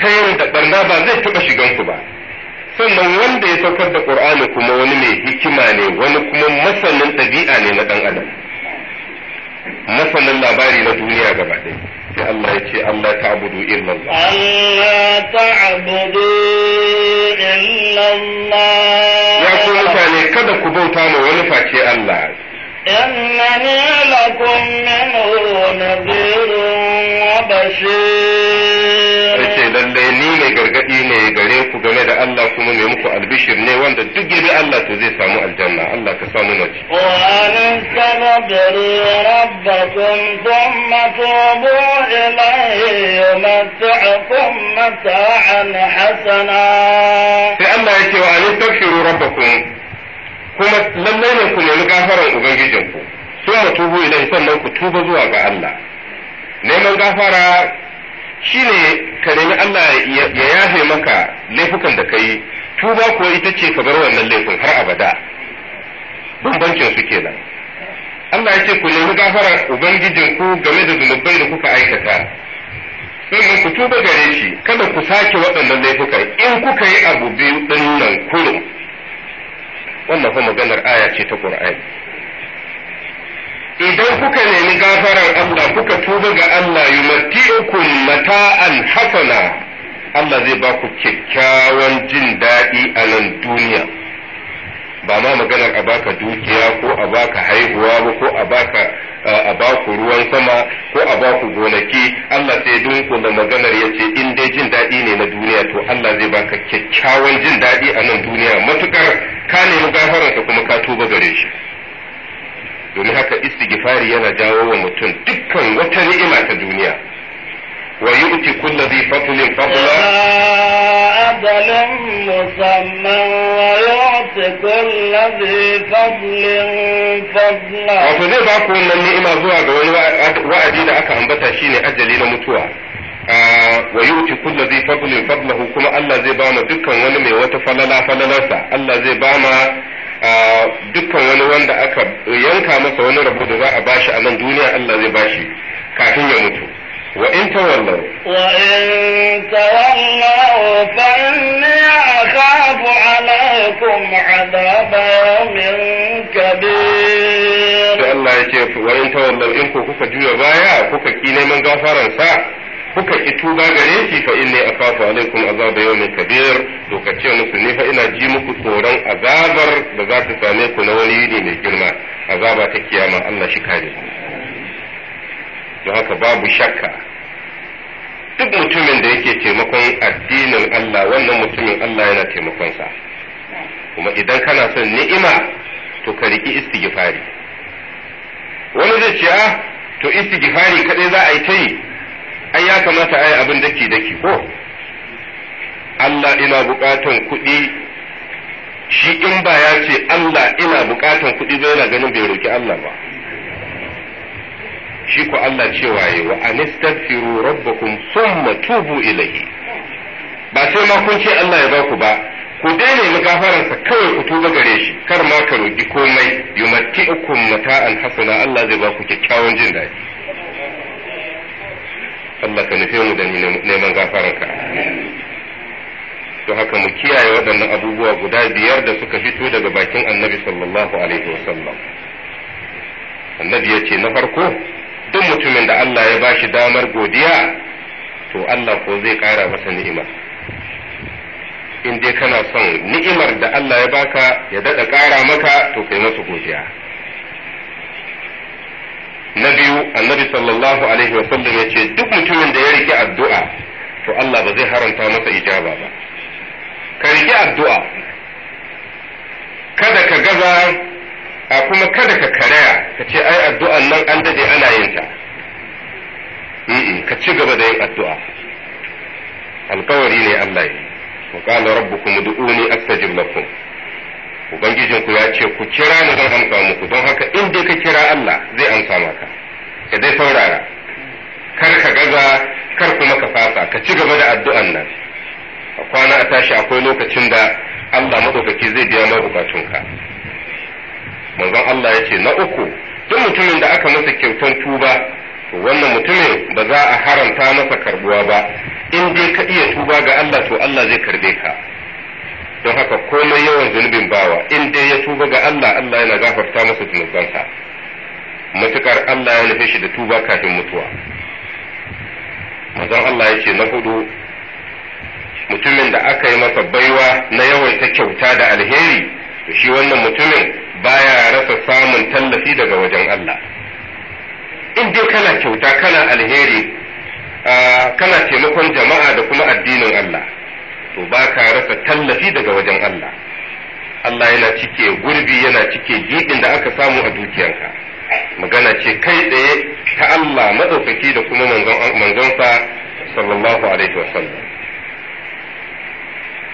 ta yadda barna ba zai taɓa shiganku ba sannan wanda ya saukar da ƙur'ani kuma wani mai hikima ne wani kuma masanin ɗabi'a ne na ɗan adam masanin labari na duniya gaba ɗaya sai Allah ya ce Allah ta'budu illallah Allah illallah ya ku mutane kada ku bauta ma wani face Allah إنني لكم منه نذير وبشير yace lallai ni mai gargadi ne gare ku game da Allah kuma mai muku albishir ne wanda duk bi Allah to zai samu aljanna Allah ka samu naci wa anastaghfiru rabbakum thumma tubu ilayhi yumatti'ukum mata'an hasana sai Allah yace wa anastaghfiru rabbakum ubangijinku sun ilai sannan ku tuba zuwa ga Allah neman gafara shine ka nemi Allah ya yafe maka laifukan da kai tuba kuwa ita ce ka bar wannan laifin har abada bambancin su kenan Allah ya ce ku nemi ubangijin ubangijinku game da zunubai da kuka aikata sannan ku tuba gare shi kada ku sake waɗannan laifukan in kuka yi abu biyu ɗin nan kurum wannan fa maganar aya ce ta Qur'ani idan kuka nemi gafarar Allah kuka tuba ga Allah yumati'ukum mata'an hasana Allah zai ba ku kyakkyawan jin daɗi a nan duniya ba ma maganar a baka dukiya ko a baka haihuwa ba ko a baka a baku ruwan sama ko a baku gonaki Allah sai dunkula maganar ya ce in dai jin daɗi ne na duniya to Allah zai baka kyakkyawan jin daɗi a nan duniya matukar ka nemi gafararsa kuma ka tuba gare shi domin haka istighfari yana jawo wa mutum dukkan wata ni'ima ta duniya wa yu'ti kulli dhi fadlin fadla ajalan musamman wa yu'ti kulli dhi fadlin fadla wato zai ba ku wannan ni'ima zuwa ga wani wa'adi da aka ambata shine ajali na mutuwa wa yu'ti kulli dhi fadlin fadlahu kuma Allah zai ba mu dukkan wani mai wata falala falalarsa Allah zai ba mu dukkan wani wanda aka yanka masa wani rabo da za a bashi a nan duniya Allah zai bashi kafin ya mutu wa in tawallaw wa in tawallaw fa inni akhafu alaykum adaba yawmin kabir Allah ya ce wa in tawallaw in ko kuka juya baya kuka ki neman gafaran sa kuka ki tuba gare shi fa inni akafu alaikum azaba yawmin kabir to ka ce musu ni fa ina ji muku tsoron azabar da za ta same ku na wani yini mai girma azaba ta kiyama Allah shi kare don haka babu shakka duk mutumin da yake taimakon addinin Allah wannan mutumin Allah yana taimakon sa kuma idan kana son ni'ima to ka riki istighfari wani zai ce ah, to istighfari kadai za a yi ta yi ai ya kamata ai abin daki daki ko Allah ina bukatan kuɗi shi in ba ya ce Allah ina bukatan kuɗi ba yana ganin bai roki Allah ba shi ko Allah cewa yi wa anistaghfiru rabbakum thumma tubu ilayhi ba sai ma kun ce Allah ya baku ba ku daina mu kawai ku tuba gare shi kar ma ka roki komai yumatti'ukum mata'an hasana Allah zai baku kyakkyawan jin daɗi Allah ka nufe mu da neman gafararka to haka mu kiyaye waɗannan abubuwa guda biyar da suka fito daga bakin annabi sallallahu alaihi wasallam annabi ya ce na farko duk mutumin da Allah ya bashi damar godiya to Allah ko zai ƙara masa ni'ima in dai kana son ni'imar da Allah ya baka ya daɗa ƙara maka to kai masa godiya na biyu annabi sallallahu alaihi wasallam ya ce duk mutumin da ya riki addu'a to Allah ba zai haranta masa ijaba ba ka rike addu'a kada ka gaza a kuma kada ka karaya ka ce ai addu'an nan an dade ana yin ta ka ci gaba da yin addu'a alkawari ne Allah yi wa qala rabbukum ud'uni astajib lakum Ubangijin ku ya ce ku kira ni zan amsa muku don haka in dai ka kira Allah zai amsa maka ka dai saurara kar ka gaza kar kuma ka fasa ka ci gaba da addu'an nan a kwana a tashi akwai lokacin da Allah madaukaki zai biya ma bukatunka manzon Allah ya ce na uku duk mutumin da aka masa kyautan tuba wannan mutumin ba za a haramta masa karbuwa ba in dai ka iya tuba ga Allah to Allah zai karbe ka don haka komai yawan zunubin bawa in dai ya tuba ga Allah Allah yana gafarta masa zunubansa matukar Allah ya nufe shi da tuba kafin mutuwa mazan Allah ya ce na hudu mutumin da aka yi masa baiwa na yawaita kyauta da alheri shi wannan mutumin baya rasa samun tallafi daga wajen Allah in dai kana kyauta kana alheri kana taimakon jama'a da kuma addinin Allah to ba ka rasa tallafi daga wajen Allah Allah yana cike gurbi yana cike gidin da aka samu a dukiyanka magana ce kai tsaye ta Allah madaukaki da kuma manzonsa sallallahu alaihi wasallam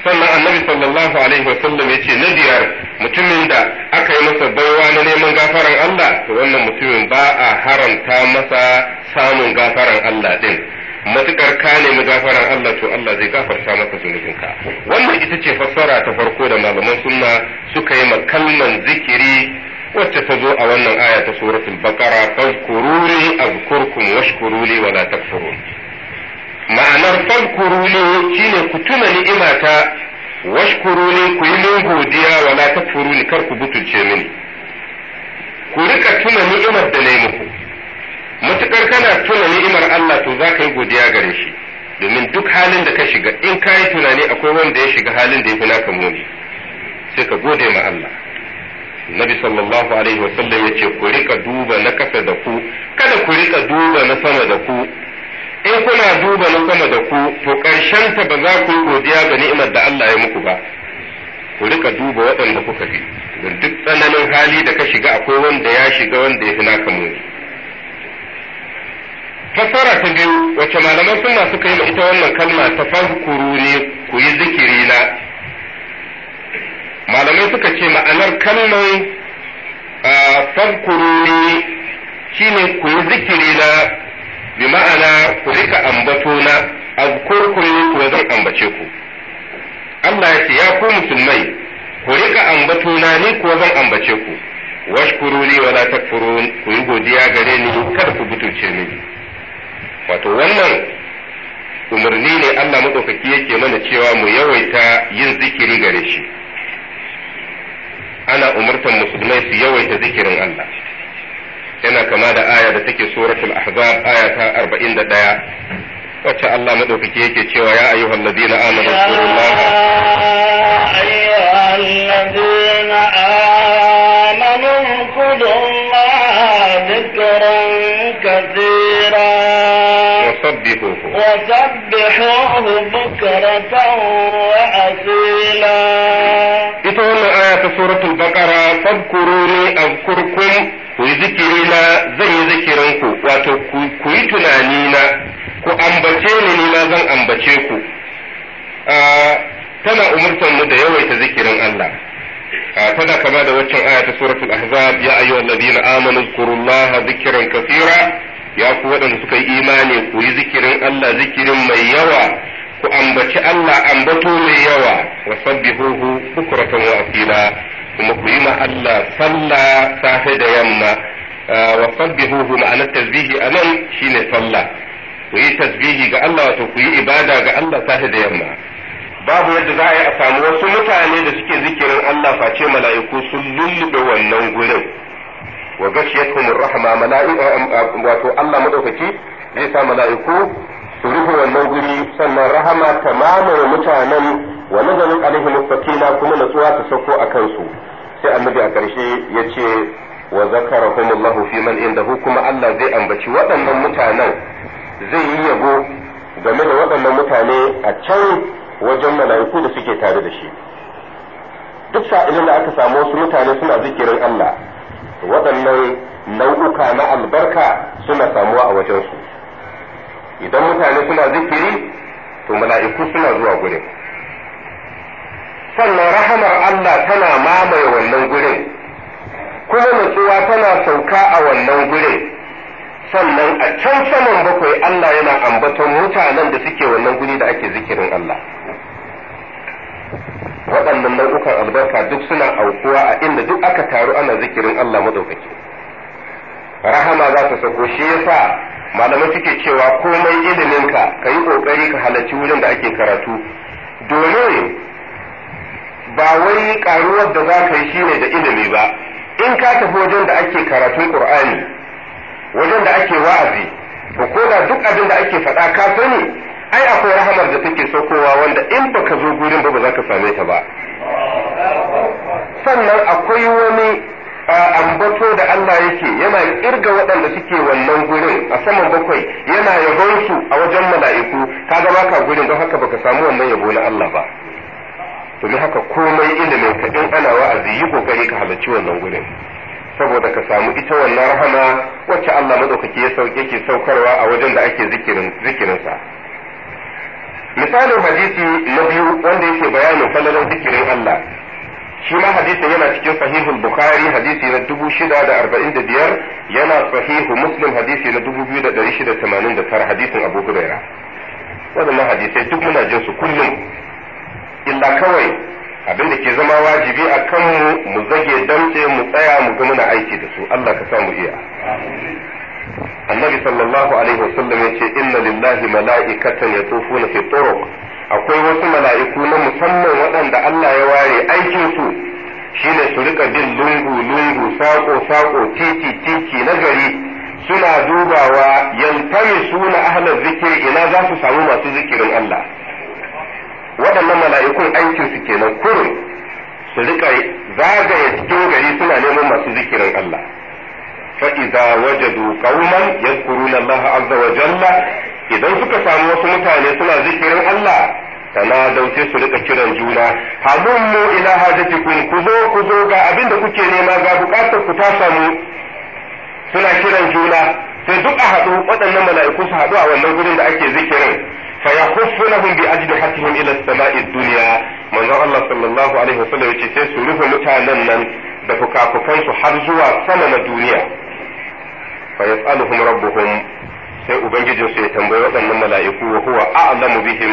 sannan annabi sallallahu alaihi wasallam ya ce na biyar mutumin da aka yi masa baiwa na neman gafaran Allah to wannan mutumin ba a haramta masa samun gafaran Allah din matukar ka nemi gafaran Allah to Allah zai gafarta maka zunubinka wannan ita ce fassara ta farko da malaman sunna suka yi makalman zikiri wacce ta zo a wannan aya ta suratul baqara fazkuruni azkurkum washkuruli wala takfurun ma'anar fazkuruni shine ku tuna ni'imata washkuruni ku yi min godiya wala takfuruni kar ku butulce mini ku rika tuna ni'imar da na yi muku matukar kana tuna ni'imar Allah to za ka yi godiya gare shi domin duk halin da ka shiga in ka yi tunani akwai wanda ya shiga halin da ya fi naka muni sai ka gode ma Allah Nabi sallallahu alaihi wasallam ya ce ku rika duba na kasa da ku kada ku rika duba na sama da ku in kuna duba na sama da ku to karshen ta ba za ku yi godiya ga ni'imar da Allah ya muku ba ku rika duba waɗanda kuka fi duk tsananin hali da ka shiga akwai wanda ya shiga wanda ya fi naka muni fassara ta biyu wacce malaman sunna suka yi ita wannan kalma ta fahkuru ne ku yi zikiri na malamai suka ce ma'anar kalmar fahkuru ne shine ku yi zikiri na bi ma'ana ku rika ambato na azkurkum ne kuwa zan ambace ku Allah ya ce ya ku musulmai ku rika ambato na ni kuwa zan ambace ku washkuru li wala takfurun ku yi godiya gare ni kada ku butulce mini wato wannan umarni ne Allah maɗaukaki yake mana cewa mu yawaita yin zikiri gare shi ana umartan musulmai su yawaita zikirin Allah yana kama da aya da take suratul ahzab aya ta 41 wacce Allah maɗaukaki yake cewa ya ayyuhal ladina amanu zkurullah ayyuhal ladina يسبحه يسبحه بكرة وأصيلا ita wannan aya ta suratul baqara fadkuruni azkurkum ku yi zikirina zan yi zikirinku wato ku yi tunanina ku ambace ni ni na zan ambace ku tana umurtar mu da yawaita zikirin Allah tana kana da waccan aya ta suratul ahzab ya ayyuhal ladina amanu zkurullaha zikran kathira ya ku waɗanda suka yi imani ku yi zikirin Allah zikirin mai yawa ku ambaci Allah ambato mai yawa wa sabbihuhu bukratan wa asila kuma ku yi ma Allah sallah safe da yamma ah, wa sabbihuhu ma'ana tasbihi anan shine sallah ku yi tasbihi ga Allah wato ku yi ibada ga Allah safe da yamma babu yadda za a yi a samu wasu mutane da suke zikirin Allah face mala'iku sun lullube wannan gurin wa gashiyatuhum rahma mala'iku eh, eh, wato Allah madaukaki zai sa mala'iku su rufe wannan guri sannan rahama ta mamaye mutanen wa nazarin alaihi mustaqila kuma natsuwa ta sako a kansu sai annabi a karshe ya ce wa Allah fi man indahu kuma Allah zai ambaci waɗannan mutanen zai yi yabo game da waɗannan mutane a can wajen mala'iku da suke tare da shi duk sa'ilin da aka samu wasu mutane suna zikirin Allah waɗannan nau'uka na albarka suna samuwa a wajensu idan mutane suna zikiri to mala'iku suna zuwa gurin sannan rahamar Allah tana mamaye wannan gurin kuma nutsuwa tana sauka a wannan gurin sannan a can saman bakwai Allah yana ambaton mutanen da suke wannan guri da ake zikirin Allah waɗannan nau'ukan albarka duk suna aukuwa a inda duk aka taru ana zikirin Allah maɗaukaki rahama za ta sako shi yasa malamai suke cewa komai iliminka ka yi ƙoƙari ka halarci wurin da ake karatu domin ba wai ƙaruwar da za ka yi shine da ilimi ba in ka tafi wajen da ake karatun ƙur'ani wajen da ake wa'azi ko da duk abin da ake faɗa ka sani ai akwai rahamar da take saukowa wanda in baka zo gurin ba ba za ka same ta ba sannan akwai wani ambato da Allah yake yana kirga waɗanda suke wannan gurin a saman bakwai yana yabon su a wajen mala'iku ka ga baka gurin don haka baka samu wannan yabo na Allah ba domin haka komai ilimin ka in ana wa'azi yi kokari ka halarci wannan gurin saboda ka samu ita wannan rahama wacce Allah madaukaki ya sauke ke saukarwa a wajen da ake zikirin zikirinsa misalin hadisi na biyu wanda yake bayanin falalar zikirin Allah shi ma hadisi yana cikin sahihul bukhari hadisi na dubu shida da da arba'in biyar yana sahihu muslim hadisi na dubu biyu da da shida tamanin tara hadisin abu hudaira waɗannan hadisai duk muna jin su kullum illa kawai abin da ke zama wajibi a kanmu mu zage damtse mu tsaya mu ga muna aiki da su Allah ka sa mu iya annabi sallallahu alaihi wasallam yace inna lillahi mala'ikatan yatufuna fi turuq akwai wasu mala'iku na musamman waɗanda Allah ya ware aikin su shine su rika bin lungu lungu sako sako titi titi na gari suna dubawa suna ahlal zikri ina za su samu masu zikirin Allah waɗannan mala'ikun aikin su kenan kurum su rika zagaye cikin gari suna neman masu zikirin Allah fa'iza wajadu qauman yadhkuruna Allah azza wa jalla idan suka samu wasu mutane suna zikirin Allah tanadau sai su rika kiran juna hamummu ila hajatikum ku zo ku zo ga abin da kuke nema ga bukatar ku ta samu suna kiran juna sai duk a haɗu waɗannan mala'iku su haɗu a wannan gurin da ake zikirin fa yakhufunahum bi ajnihatihim ila as-sama'i dunya manzo Allah sallallahu alaihi wasallam yace sai su rufe mutanen nan da fukafukansu har zuwa sama na duniya fa yas'aluhum rabbuhum sai su ya tambayi waɗannan mala'iku wa huwa a'lamu bihim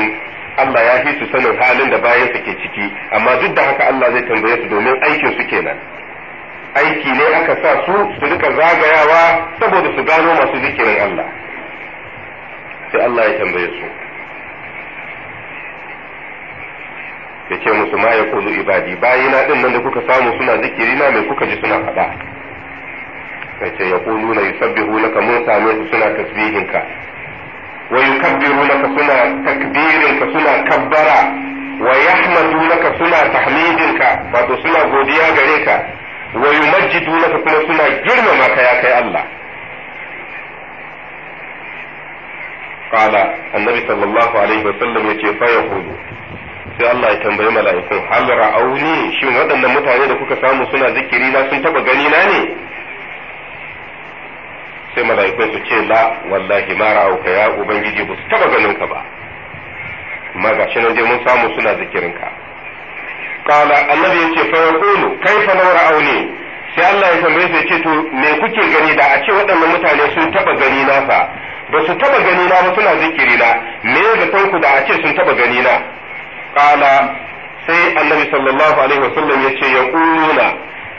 Allah ya fi sanin halin da bayan su ke ciki amma duk da haka Allah zai tambaye su domin aikin su kenan aiki ne aka sa su su rika zagayawa saboda su gano masu zikirin Allah sai Allah ya tambaye su yace musu ma ya kulu ibadi bayina din nan da kuka samu suna zikiri na mai kuka ji suna faɗa sai ce ya kulu na yusabbihu laka mutane su suna tasbihinka wa yukabbiru laka suna takbirinka suna kabbara wa yahmadu laka suna tahmidinka wato suna godiya gare ka wa yumajjidu laka kuma suna girmama ka ya kai Allah annabi sallallahu alaihi wa عليه وسلم يتي فيقول sai Allah ya tambayi mala'ikun hal ra'awni shin waɗannan mutane da kuka samu suna zikiri na sun taba gani na ne sai mala'ikai su ce la wallahi ma ra'auka ya ubangiji ba su taba ganin ka ba amma ga shi nan dai mun samu suna zikirin ka qala annabi yace fa yaqulu fa law auni sai Allah ya tambaye sai ce to me kuke gani da a ce waɗannan mutane sun taba gani na fa ba su taba gani na ba suna zikiri na me ga tanku da a ce sun taba gani na qala sai annabi sallallahu alaihi wasallam yace yaquluna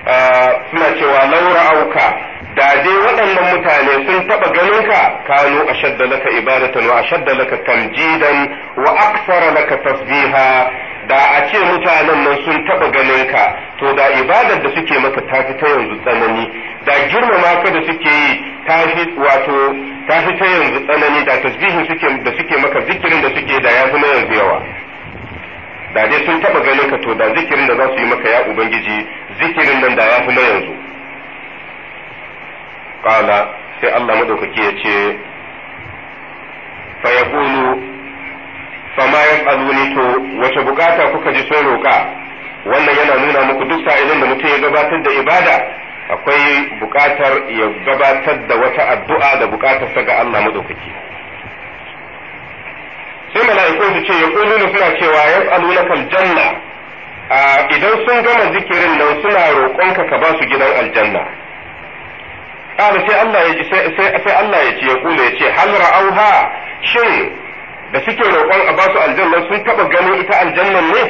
uh, suna cewa law ra'auka da dai waɗannan mutane sun taɓa ganin ka a ashadda laka ibadatan wa ashadda laka tamjidan wa aksara laka tasbiha da a ce mutanen nan sun taɓa ganin ka to da ibadar da suke maka ta fi ta yanzu tsanani da girmama ka da suke yi ta fi wato ta fi ta yanzu tsanani da tasbihin suke da suke maka zikirin da suke da ya fi na yanzu yawa da dai sun taɓa ganin ka to da zikirin da za su yi maka ya ubangiji zikirin nan da ya fi na yanzu qala sai Allah madaukaki ya ce fa yaqulu fama yas'aluni to wace bukata kuka ji sun roka wannan yana nuna muku duk sa'ilin da mutum ya gabatar da ibada akwai bukatar ya gabatar da wata addu'a da sa ga Allah madaukaki sai mala'iku su ce ya ne suna cewa ya tsaluna kan janna idan sun gama zikirin nan suna roƙonka ka ba su gidan aljanna kala sai Allah ya sai Allah ya ce ya kula ya ce hal ra'auha shin da suke roƙon a basu aljanna sun taba ganin ita aljannan ne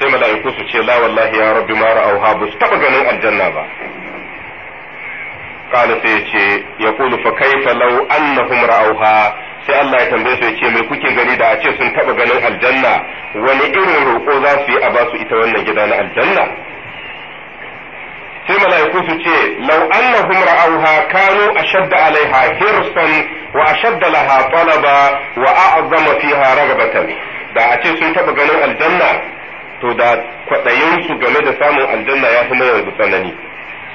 sai mala'iku su ce la wallahi ya rabbi ma ra'auha ba su taba ganin aljanna ba kala sai ya ce ya kula fa kaifa law annahum ra'auha sai Allah ya tambaye su ya ce me kuke gani da a ce sun taba ganin aljanna wani irin roƙo za su yi a basu ita wannan gida na aljanna sai mala'iku su ce law annahum ra'awha kanu ashadda alaiha hirsan wa ashadda laha talaba wa a'zama fiha ragabatan da a ce sun taba ganin aljanna to da kwadayin su game da samun aljanna ya fi yanzu tsanani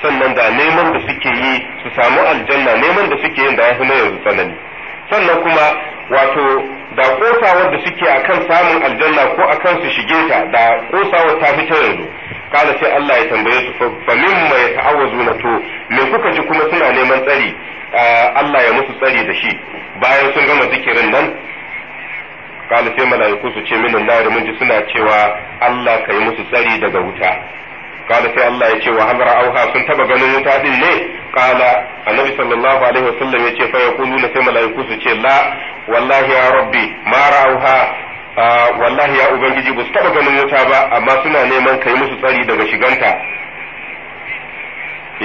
sannan da neman da suke yi su samu aljanna neman da suke yin da ya fi yanzu tsanani sannan kuma wato da kosawar da suke akan samun aljanna ko akan su shige ta da kosawar ta fita yanzu kala sai Allah ya tambaye su fa mimma na to me kuka ji kuma suna neman tsari Allah ya musu tsari da shi bayan sun gama zikirin nan kala sai mala'iku su ce minan nar mun ji suna cewa Allah ka yi musu tsari daga wuta kada sai Allah ya ce wa auha sun taba ganin wuta din ne kala annabi sallallahu alaihi wasallam ya ce fa yaquluna sai malaiku su ce la wallahi ya rabbi ma ra'auha ah, wallahi ya ubangiji ba su taba ganin wuta ba amma suna neman kai musu tsari daga shiganta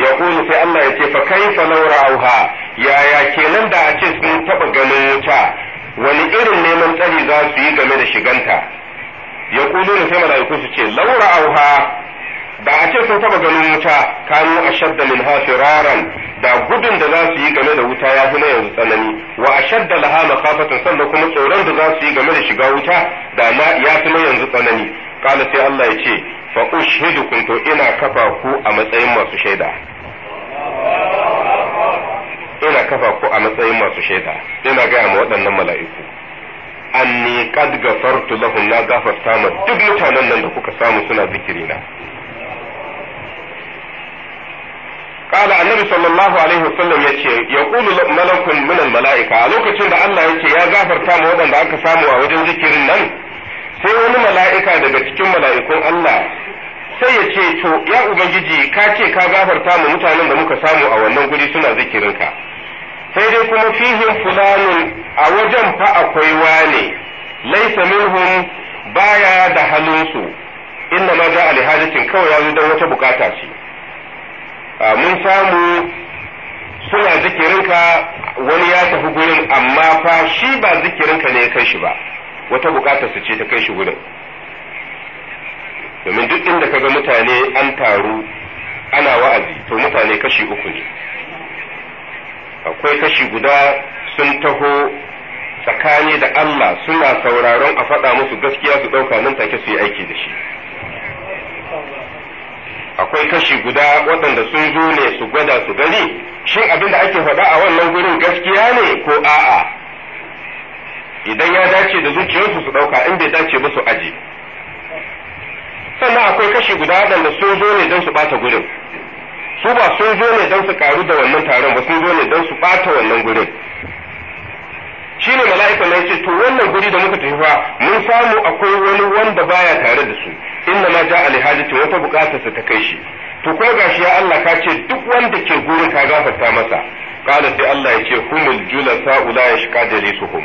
ya sai Allah ya ce fa kaifa law ra'auha yaya kenan da a ce sun taba ganin wuta wani irin neman tsari za su yi game da shiganta ya sai malaiku su ce law ra'auha da a ce sun taba ganin wuta kanu ashadda minha firaran da gudun da za su yi game da wuta ya fi na yanzu tsanani wa ashadda laha makafatan sannan kuma tsoron da za su yi game da shiga wuta da ya fi na yanzu tsanani kala sai Allah ya ce fa ushhidukum to ina kafa ku a matsayin masu shaida ina kafa ku a matsayin masu shaida ina gaya ma waɗannan mala'iku anni qad gafartu lahum la gafarta ma duk mutanen nan da kuka samu suna zikirina قال النبي صلى yace ya وسلم malakun يقول mala'ika a lokacin da Allah ya ce ya gafarta ma waɗanda aka samu a wajen zikirin nan sai wani mala'ika daga cikin mala'ikun Allah sai ya ce to ya ubangiji ka ce ka gafarta ma mutanen da muka samu a wannan guri suna zikirin ka sai dai kuma fihin fulanun a wajen fa akwai wane laisa minhum baya da halinsu inna ma ja alhajatin kawai ya zo don wata bukata ce mun samu suna zikirinka wani ya tafi gurin amma fa shi ba zikirinka ne ya kai shi ba wata bukata su ce ta kai shi gurin domin duk inda ga mutane an taru ana wa'azi to mutane kashi uku ne akwai kashi guda sun taho tsakani da Allah suna sauraron a faɗa musu gaskiya su ɗauka nan take su yi aiki da shi akwai kashi guda waɗanda sun zo ne su gwada su gani shin abinda ake faɗa a wannan gurin gaskiya ne ko a'a idan ya dace da zuciyarsu su ɗauka in bai dace ba su aji. sannan akwai kashi guda waɗanda sun zo ne don su ɓata gurin su ba sun zo ne don su ƙaru da wannan taron ba sun zo ne don su ɓata wannan gurin shi ne mala'ika na ce to wannan guri da muka tafi fa mun samu akwai wani wanda baya tare da su inna ma ja'a li hajati wata sa ta kai shi to kuma gashi ya Allah ka ce duk wanda ke gurin ka gafarta masa qala sai Allah ya ce humul julasa ula yashqa jalisuhum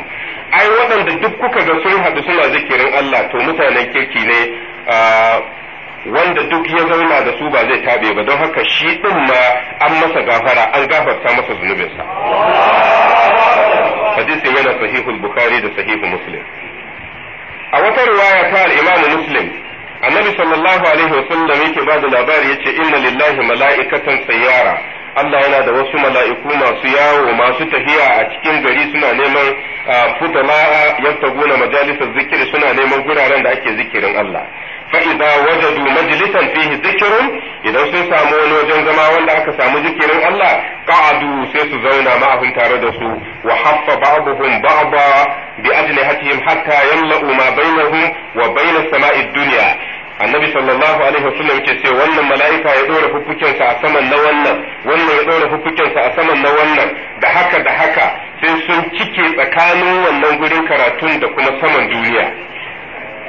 ai waɗanda duk kuka ga sun hadu suna zikirin Allah to mutanen kirki ne wanda duk ya zauna da su ba zai tabe ba don haka shi din ma an masa gafara an gafarta masa zunubinsa hadisin yana sahihul bukhari da sahihu muslim a wata riwaya ta al-imam muslim annabi sallallahu alaihi wasallam yake ba da labari yace inna lillahi mala'ikatan sayyara Allah yana da wasu mala'iku masu yawo masu tafiya a cikin gari suna neman ah, fudala yaftaguna majalisar zikiri suna neman guraren da ake zikirin Allah fa idza wajadu majlisan fihi zikirin idan sun samu wani wajen zama wanda aka samu zikirin Allah ka'adu sai su zauna ma'ahum tare da su wa haffa ba'dhum ba'dha bi ajlihatihim hatta yamla'u ma bainahum wa baina samai duniya annabi sallallahu alaihi wannan mala'ika ya dora fuffukensa a saman na wannan wannan ya dora fuffukensa a saman na wannan da haka da haka sai sun cike tsakanin wannan gurin karatun da kuma saman duniya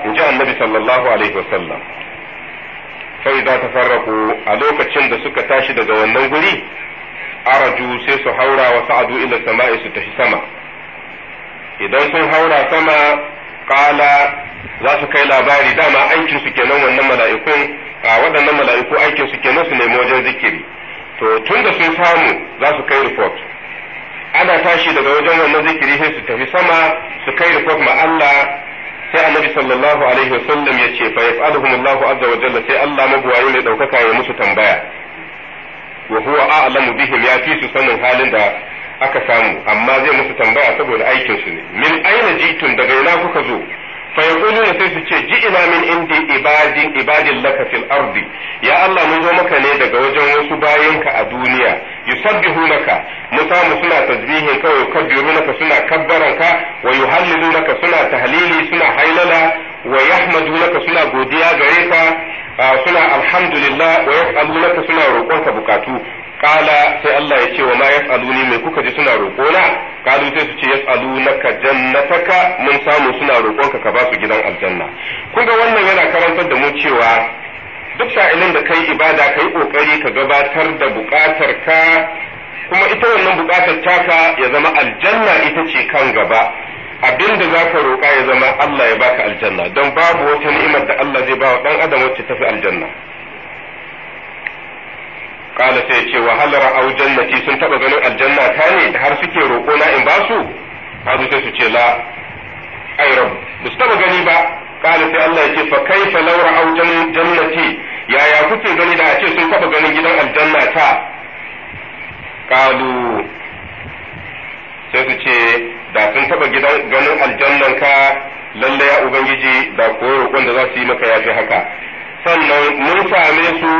in ji annabi sallallahu alaihi wasallam sai da ta farraku a lokacin da suka tashi daga wannan guri araju sai su haura wa sa'adu ila sama'i su tafi sama idan sun haura sama kala za su kai labari dama aikin su kenan wannan mala'ikun a waɗannan mala'iku aikin su kenan su nemi wajen zikiri to tun da sun samu za su kai report ana tashi daga wajen wannan zikiri sai su tafi sama su kai report ma Allah sallallahu alaihi wasallam yace fa yas'aluhum Allahu azza wa jalla sai Allah magwayo ne daukaka ya musu tambaya wa huwa a'lamu bihim ya fi su sanin halin da aka samu amma zai musu tambaya saboda aikin su ne min aina jitun daga ina kuka zo fa yaqulu sai su ce ji'ina min indi ibadin ibadin laka fil ardi ya Allah mun zo maka ne daga wajen wasu bayanka a duniya yusabbihu laka mu suna tasbihin ka wa yukabbirunaka suna kabbaranka wa yuhallilunaka suna tahlili suna hailala wa yahmadunaka suna godiya gare ka suna alhamdulillah wa yas'alunaka suna rokonka bukatu kala sai Allah ya ce wa ma yas'aluni me kuka ji suna roƙona kalu sai su ce yas'alunaka jannataka mun samu suna roƙonka ka ba su gidan aljanna kun ga wannan yana karantar da mu cewa duk sa'ilin da kai ibada kai kokari ka gabatar da buƙatar ka kuma ita wannan buƙatar taka ya zama aljanna ita ce kan gaba abinda da za ka roƙa ya zama Allah ya baka aljanna don babu wata ni'imar da Allah zai ba wa ɗan adam wacce tafi aljanna kala sai ce wa hal ra'au jannati sun taba ganin aljanna ta ne har suke roƙo na in basu hadu sai su ce la ai ba su taba gani ba kala sai Allah ya ce fa kaifa law ra'au jannati yaya kuke gani da a ce sun taba ganin gidan aljanna ta kalu sai su ce da sun taba gidan ganin aljannan ka lalle ya ubangiji da koyo roƙon da za su yi maka yafi haka sannan mun same su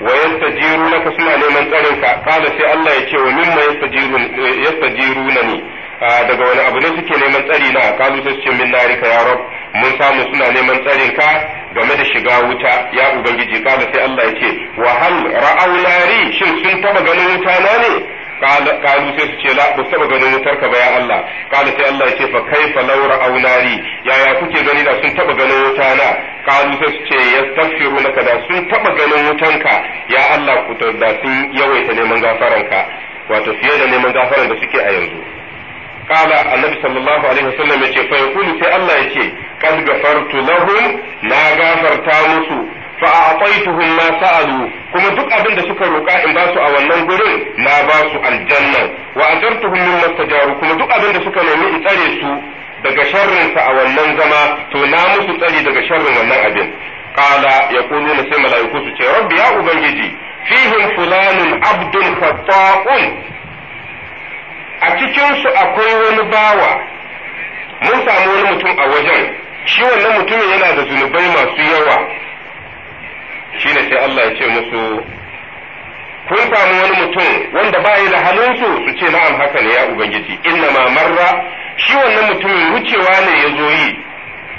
wa yastajiru laka suna neman tsarin ka kana sai Allah ya ce wa mimma na ne ah, daga wani abu ne suke neman tsari na kalu sai ce min narika ya rab mun samu suna neman tsarin ka game da shiga wuta ya ubangiji kala sai Allah ya ce wa hal ra'aw nari shin sun taba ganin wuta na ne kalu sai su ce la ba saba ganin wutar ka ba ya Allah kalu sai Allah ya ce fa kaifa laura aunari yaya kuke gani da sun taba ganin wuta na kalu sai su ce yastaghfiru laka da sun taba ganin wutan ka ya Allah ku da sun yawaita neman gafaranka wato fiye da neman gafaran da suke a yanzu kala annabi sallallahu alaihi wasallam ya ce fa yaqulu sai Allah ya ce kad gafartu lahum na gafarta musu fa a'taytuhum ma sa'alu kuma duk abin da suka roƙa in ba su a wannan gurin na ba su aljanna wa ajartuhum min mastajaru kuma duk abin da suka nemi in tsare su daga sharrin sa a wannan zama to na musu tsare daga sharrin wannan abin qala yaquluna sai mala'iku su ce rabbi ya ubangiji fihim fulanun abdul fatta'un a cikin su akwai wani bawa mun samu wani mutum a wajen shi wannan mutumin yana da zunubai masu yawa ya ce musu kun samu wani mutum wanda ba yi da hannunsu su ce na'am haka ne ya ubangiji inna ma marra shi wannan mutumin wucewa ne ya zo yi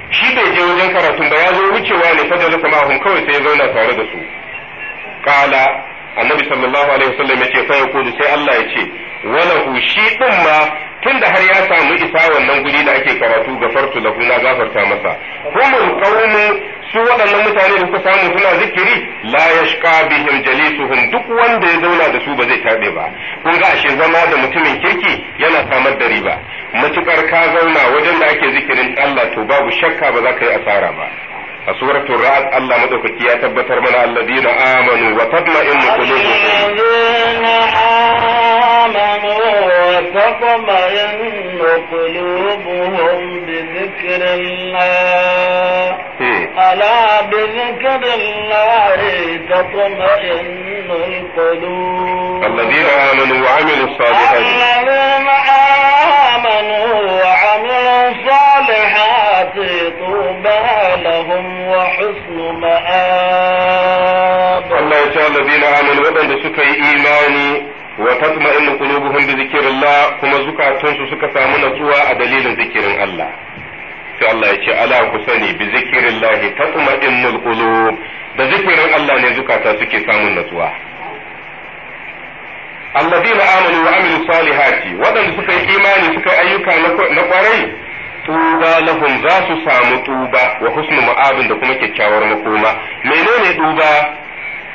shi bai je wajen karatun ba ya zo wucewa ne fajar da mahun kawai sai ya zauna tare da su kala annabi sallallahu alaihi wasallam yace ya kudu sai Allah ya wala walahu shi din ma tun da har ya samu isa wannan guri da ake karatu ga fartu da na gafarta masa kuma kaumu su waɗannan mutane da suka samu suna zikiri la yashqa bihim jalisuhum duk wanda ya zauna da su ba zai tabe ba kun ga ashe zama da mutumin kirki yana samar da riba matukar ka zauna wajen da ake zikirin Allah to babu shakka ba za ka yi asara ba a suratul ra'd Allah madaukaki ya tabbatar mana alladina amanu wa tatma'innu qulubuhum بذكر الله ألا بذكر الله تطمئن القلوب الذين آمنوا وعملوا الصالحات الذين آمنوا وعملوا الصالحات وأفيضوا بالهم وحسن مآب الله يشاء الذين آمنوا وأن سكي إيماني وتطمئن قلوبهم بذكر الله كما سكا سامنا ذكر الله sai Allah ya ce ala ku sani bi zikirillahi tatma'innul qulub da zikirin Allah ne zukata suke samun natsuwa alladhina amanu wa amilus salihati wadanda suka yi imani suka ayyuka na kwarai tuba lahum za su samu tuba wa husnu ma'abin da kuma kyakkyawar makoma menene tuba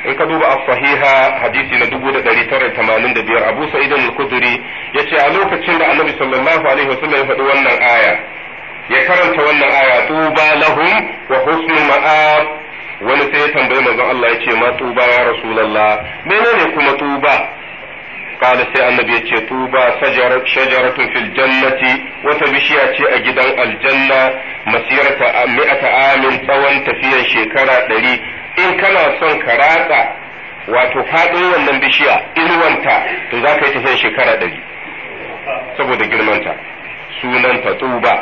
in ka duba as-sahiha hadisi na 1985 Abu Sa'id al-Khudri yace a lokacin da Annabi sallallahu alaihi wasallam ya faɗi wannan aya ya karanta wannan aya tuba lahum wa husnu ma'ab wani sai ya tambayi manzon Allah yace ma tuba ya rasulullah menene kuma tuba قال سي النبي يتي طوبى شجرة, شجرة في الجنة ce a gidan aljanna masirata mi'ata amin tsawon tafiyan shekara ɗari in kana son ka wato faɗin wannan bishiya irwanta to za ka yi tafiyan shekara ɗari saboda girmanta sunanta tuba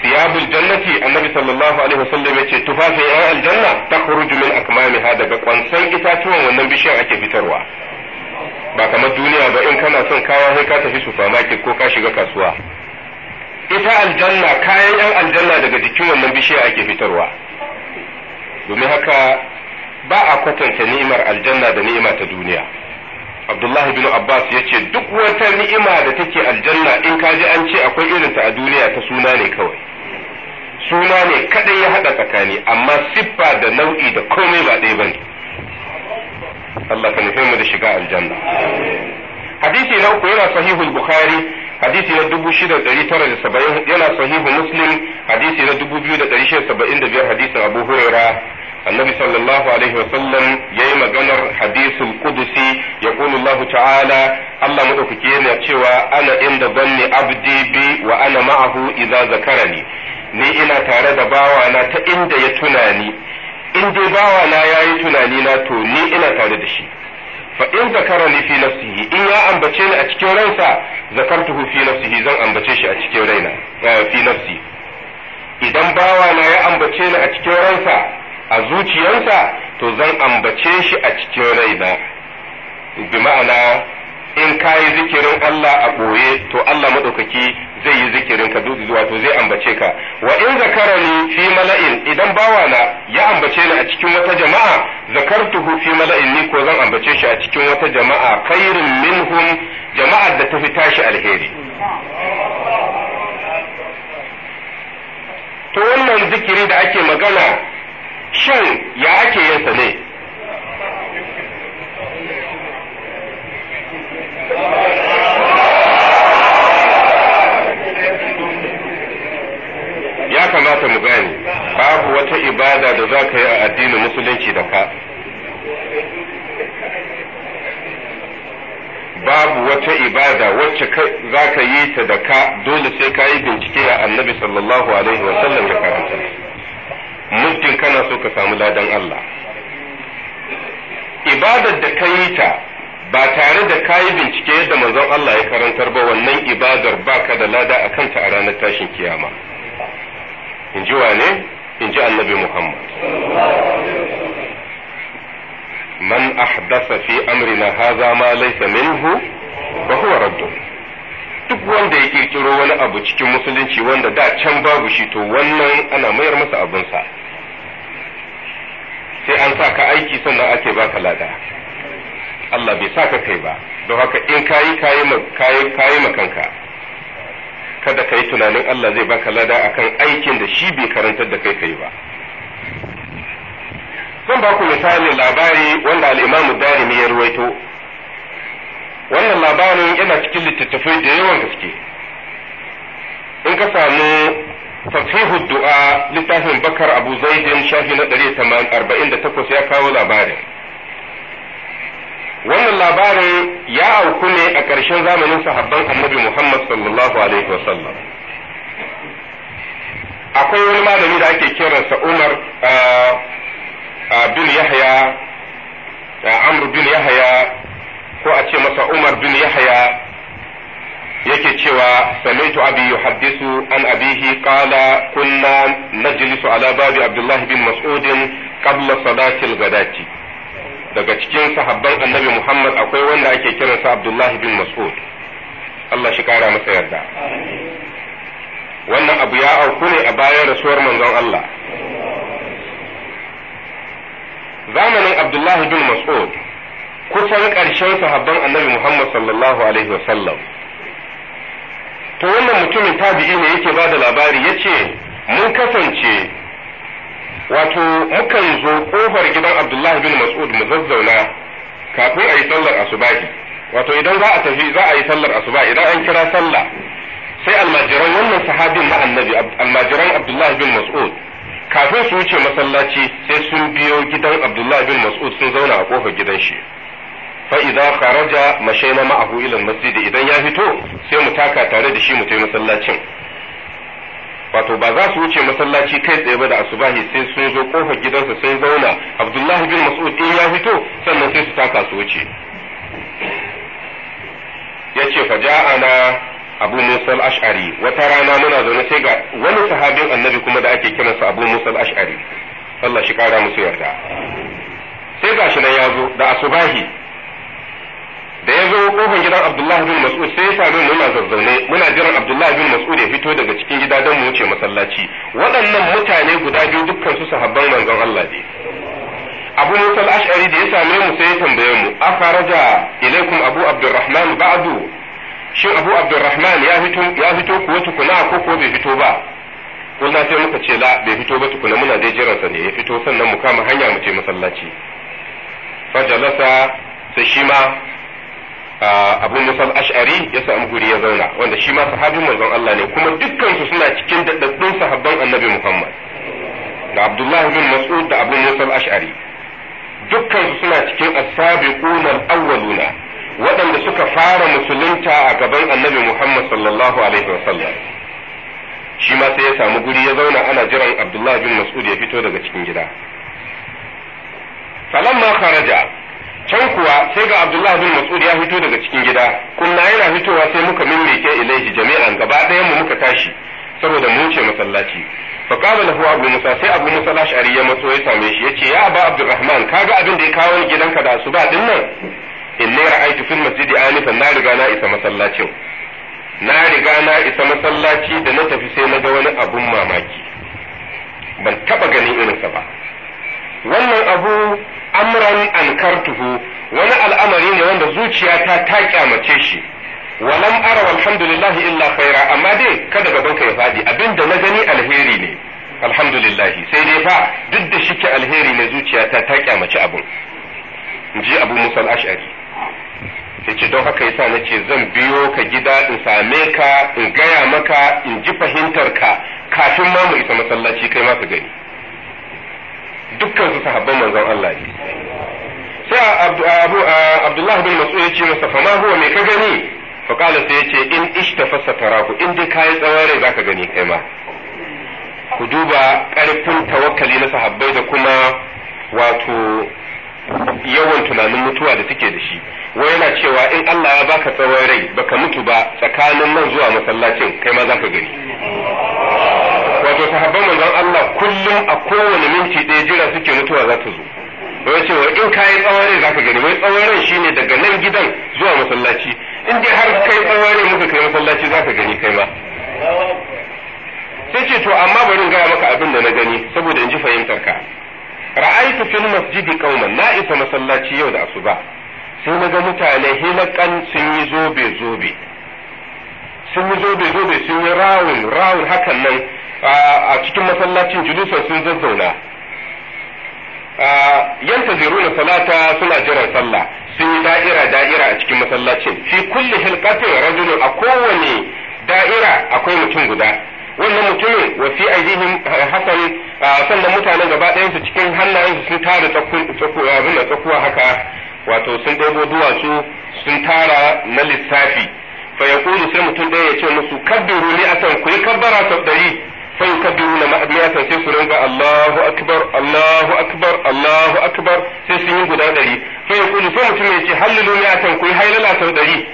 siyabul jannati annabi sallallahu alaihi wasallam yace tufafin yan aljanna ta min akmamiha daga kwansan itatuwan wannan bishiyar ake fitarwa ba kamar duniya ba in kana son kawo sai ka tafi supermarket ko ka shiga kasuwa ita aljanna kayan yan aljanna daga jikin wannan bishiya ake fitarwa domin haka ba a kwatanta ni'imar aljanna da ni'ima ta duniya abdullahi bin abbas ya ce duk wata ni'ima da take aljanna in ka ji an ce akwai ta a duniya ta suna ne kawai suna ne kadai ya haɗa tsakani amma siffa da nau'i da komai ba ɗaya ba ne. Allah ka nufe mu da shiga aljanna hadisi na uku yana sahihu bukhari hadisi na saba'in yana sahihu muslim hadisi na biyar hadisin abu huraira النبي صلى الله عليه وسلم يي مغنر حديث القدسي يقول الله تعالى الله مدوكي yana cewa ana inda zanni abdi bi wa ana ma'ahu idza zakarani ni ina tare da na ta inda ya tuna ni in dai bawa na yayi tunani na to ni ina tare da shi fa in zakara ni fi nafsihi in ya ambace ni a cikin ransa zakartuhu fi nafsihi zan ambace shi a cikin raina eh, fi nafsi idan bawa na ya ambace ni a cikin ransa a zuciyarsa to zan ambace shi a cikin raina bi ma'ana in kayi zikirin Allah a boye to Allah maɗaukaki zai yi zikirin ka dubi to zai ambace ka wa in zakarani fi mala'in idan bawa na ya ambace ni a cikin wata jama'a zakartuhu fi mala'in ni ko zan ambace shi a cikin wata jama'a khairun minhum jama'ar da ta fi tashi alheri to wannan zikiri da ake magana shin ya ake yin sa ne ya kamata mu gane babu wata ibada da za ka yi a addinin musulunci da ka babu wata ibada wacce za ka yi ta da ka dole sai ka yi bincike a annabi sallallahu alaihi wa sallam da karanta muddin kana so ka samu ladan Allah ibadar da ka yi ta ba tare da ka yi bincike yadda manzon Allah ya karantar ba wannan ibadar ka da lada a kanta a ranar tashin kiyama in ji wane in ji annabi muhammad man ahdasa fi amrina haza ma laysa minhu fa huwa raddun duk wanda ya kirkiro wani abu cikin musulunci wanda da can babu shi to wannan ana mayar masa sa sai an sa ka aiki sannan ake baka lada Allah bai sa ka kai ba don haka in kayi kayi kayi kayi kada ka yi tunanin Allah zai baka lada akan aikin da shi bai karantar da kai kai ba zan ba ku misalin labari wanda al'imamu darimi ya ruwaito wannan labarin yana cikin littattafai da yawan gaske in ka samu tasihu du'a littafin bakar abu zaidin shafi na 148 ya kawo labarin wannan labarin ya auku ne a ƙarshen zamanin sahabban annabi Muhammad sallallahu alaihi sallam akwai wani malami da ake kiransa Umar bin Yahya Amr bin Yahya ko a ce masa Umar bin Yahya yake cewa sami'tu abi yuhaddisu an abihi qala kunna najlisu ala babi Abdullah bin Mas'ud qabla salatil gadati daga cikin sahabban annabi Muhammad akwai wanda ake kiransa Abdullahi bin Mas'ud Allah shi kara masa yarda wannan abu ya auku ne a bayan rasuwar manzon Allah zamanin Abdullahi bin Mas'ud kusan ƙarshen sahabban annabi Muhammad sallallahu alaihi wasallam to wannan mutumin tabi'i ne yake ba da labari yace mun kasance wato mukan zo kofar gidan abdullahi bin mas'ud mu zazzauna kafin a yi sallar asubahi wato idan za a tafi za a yi sallar asubahi idan an kira sallah sai almajiran wannan sahabin na annabi almajiran abdullahi bin mas'ud kafin su wuce masallaci sai sun biyo gidan abdullahi bin mas'ud sun zauna a kofar gidan shi fa idza kharaja mashayna ma'ahu ila masjid idan ya fito sai mu taka tare da shi mu tafi masallacin wato ba za su wuce masallaci kai tsaye ba da asubahi sai sun zo kofar gidansa sai zauna abdullahi bin mas'ud ya fito sannan sai su taka su wuce yace fa ja'ana abu musa al-ash'ari wata rana muna zaune sai ga wani sahabin annabi kuma da ake kiransa abu musa al-ash'ari Allah shi kara musu yarda sai gashi nan ya zo da asubahi da ya zo kofin gidan Abdullahi bin Mas'ud sai ya sami mu muna zazzaune muna jiran Abdullahi bin Mas'ud ya fito daga cikin gida don mu wuce masallaci waɗannan mutane guda biyu dukkan su sahabban manzon Allah ne Abu Musa al da ya same mu sai ya tambaye mu akharaja ilaikum Abu Abdurrahman ba'du shin Abu Abdurrahman ya fito ya fito kuwa tukuna ko ko bai fito ba kullum sai muka ce la bai fito ba tukuna muna dai jiransa ne ya fito sannan mu kama hanya mu je masallaci fajalasa sai shi ma abu musab ash'ari ya samu guri ya zauna wanda shi ma sahabin manzon Allah ne kuma dukkan suna cikin daddadun sahabban annabi Muhammad da Abdullahi bin Mas'ud da Abu Musab ash'ari dukkan suna cikin as-sabiquna al-awwaluna waɗanda suka fara musulunta a gaban annabi Muhammad sallallahu alaihi wasallam shi ma sai ya samu guri ya zauna ana jiran Abdullahi bin Mas'ud ya fito daga cikin gida falamma kharaja can kuwa sai ga abdullahi bin mas'ud ya fito daga cikin gida kunna yana fitowa sai muka mimmike ilaihi jami'an gaba ɗayan mu muka tashi saboda mu ce masallaci fa qala lahu abu musa sai abu musa ashari ya matso ya same shi yace ya aba abdurrahman kaga abin da ya kawo gidanka da asuba din nan inna ra'aytu fil masjidi anifan na riga na isa masallacin na riga na isa masallaci da na tafi sai na ga wani abun mamaki ban taba ganin irinsa ba wannan abu amran ankartuhu wani al'amari ne wanda zuciyata ta kyamace shi walam ara walhamdulillahi illa khaira amma dai kada gaban ka ya fadi abinda na gani alheri ne alhamdulillahi sai dai fa duk da shike alheri ne zuciyata ta kyamace abun ji abu musa al-ash'ari yace don haka yasa nace zan biyo ka gida in same ka in gaya maka in ji fahimtar ka kafin ma mu isa masallaci kai ma ka gani dukkan su sahabban manzon Allah ne sai abu abdullahi bin mas'ud ya ce masa fa ma huwa me ka gani fa qala sai yace in ishtafa satarahu in dai kai tsawon rai zaka gani kai ma ku duba karfin tawakkali na sahabbai da kuma wato yawan tunanin mutuwa da suke da shi wai yana cewa in Allah ya baka tsawon rai baka mutu ba tsakanin nan zuwa masallacin kai ma zaka gani wato sahabban manzon Allah kullum a kowane minti ɗaya jira suke mutuwa za ta zo wai cewa in ka yi tsawon rai zaka gani wai tsawon rai shine daga nan gidan zuwa masallaci in dai har kai tsawon rai muka kai masallaci zaka gani kai ma sai ce to amma bari in gaya maka abin da na gani saboda in ji fahimtar ka ra'aitu fil masjidi qauman na isa masallaci yau da asuba sai na ga mutane hilakan sun yi zobe zobe sun yi zobe zobe sun yi rawun rawun hakan nan a cikin masallacin julusan sun zazzauna yanta ziruna salata suna jiran sallah sun yi da'ira da'ira a cikin masallacin fi kulli hilqatin rajulun a kowane da'ira akwai mutum guda wannan mutumin wa fi hasan sannan mutanen gaba ɗayan su cikin hannayen su sun tara abin tsakuwa haka wato sun ɗebo duwatsu sun tara na lissafi fa yaqulu sai mutum ɗaya ya ce musu kabbiru ni asan ku yi kabbara sau ɗari sai yukabbiru na asan sai su ringa Allahu akbar Allahu akbar Allahu akbar sai sun yi guda ɗari fa yaqulu sai mutum ya ce hallilu ni asan ku yi hailala sau ɗari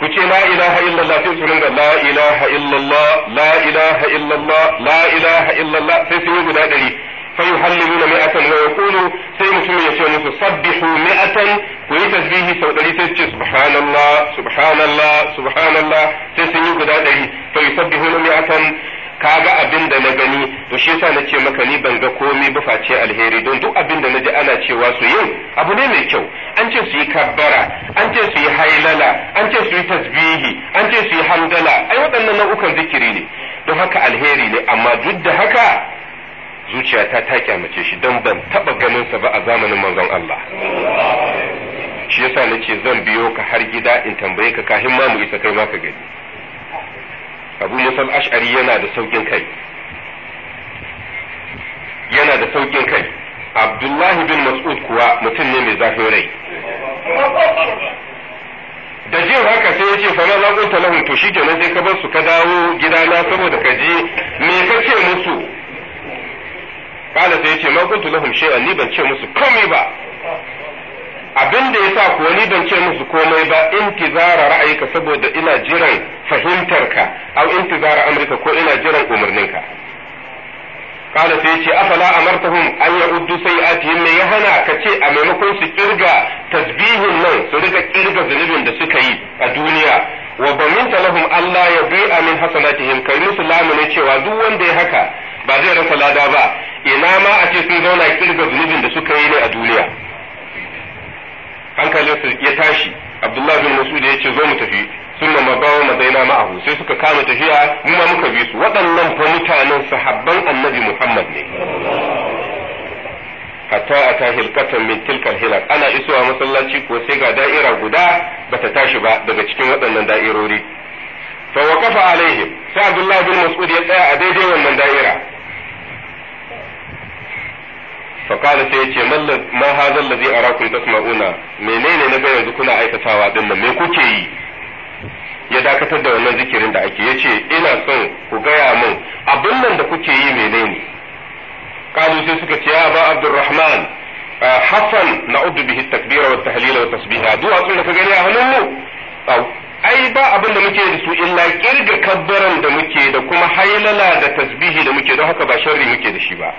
ku ce la ilaha illallah sai su ringa la ilaha illallah la ilaha illallah la ilaha illallah sai su yi guda ɗari sai yuhallilu na mi'atan wa yaqulu sai mutum ya ce musu sabbihu mi'atan ku yi tasbihi sau ɗari sai su ce subhanallah subhanallah subhanallah sai sun yi guda ɗari sai yusabbihu mi'atan ka ga abin da na gani to shi yasa nace maka ni ban ga komai ba face alheri don duk abin da naji ana cewa su yin abu ne mai kyau an ce su yi kabbara an ce su yi hailala an ce su yi tasbihi an ce su yi hamdala ai waɗannan nau'ukan zikiri ne don haka alheri ne amma duk da haka zuciyata ta kyamace shi don ban taba ganin sa ba a zamanin manzon Allah shi yasa nace zan biyo ka har gida in tambaye ka kafin ma mu isa kai ma ka gani abu musan ash'ari yana da saukin kai yana da saukin kai abdullahi bin mas'ud kuwa mutum ne mai zafin rai da jin haka sai yace fa na kunta lahum to shi kenan sai ka bar su ka dawo gidana saboda ka je me ka ce musu kala sai yace ma kuntu lahum shay'an ni ban ce musu komai ba abin da yasa ko ni ban ce musu komai ba intizara ra'ayika saboda ina jiran fahimtarka au intizara amrika ko ina jiran umarninka kana sai ce afala amartahum an ya'uddu sayati min ya hana ka ce a maimakon su kirga tasbihin nan su rika kirga zunubin da suka yi a duniya wa baminta lahum Allah ya bi'a min hasanatihim kai musu lamune cewa duk wanda ya haka ba zai rasa lada ba ina ma a ce sun zauna kirga zunubin da suka yi ne a duniya hankalinsa ya tashi abdullahi bin mas'ud ya ce zo mu tafi ma mabawa madaina ma'ahu sai suka kama tafiya mu ma muka bi su waɗannan fa mutanen sahabban annabi muhammad ne hatta a ta hilkatan min tilkal hilal ana isowa masallaci ko sai ga da'ira guda bata tashi ba daga cikin waɗannan da'irori fa waqafa alaihim sai abdullahi bin mas'ud ya tsaya a daidai wannan da'ira faƙala sai yace ce man hazan lazi a tasma'una menene na ga yanzu kuna aikatawa din nan me kuke yi ya dakatar da wannan zikirin da ake yace ina son ku gaya min abin nan da kuke yi menene kalu sai suka ce ya ba abdurrahman hasan na'uddu bihi takbira wa tahlila wa tasbiha duwatsun da ka gani a hannunmu ai ba abin da muke da su illa kirga kabbaran da muke da kuma hailala da tasbihi da muke don haka ba sharri muke da shi ba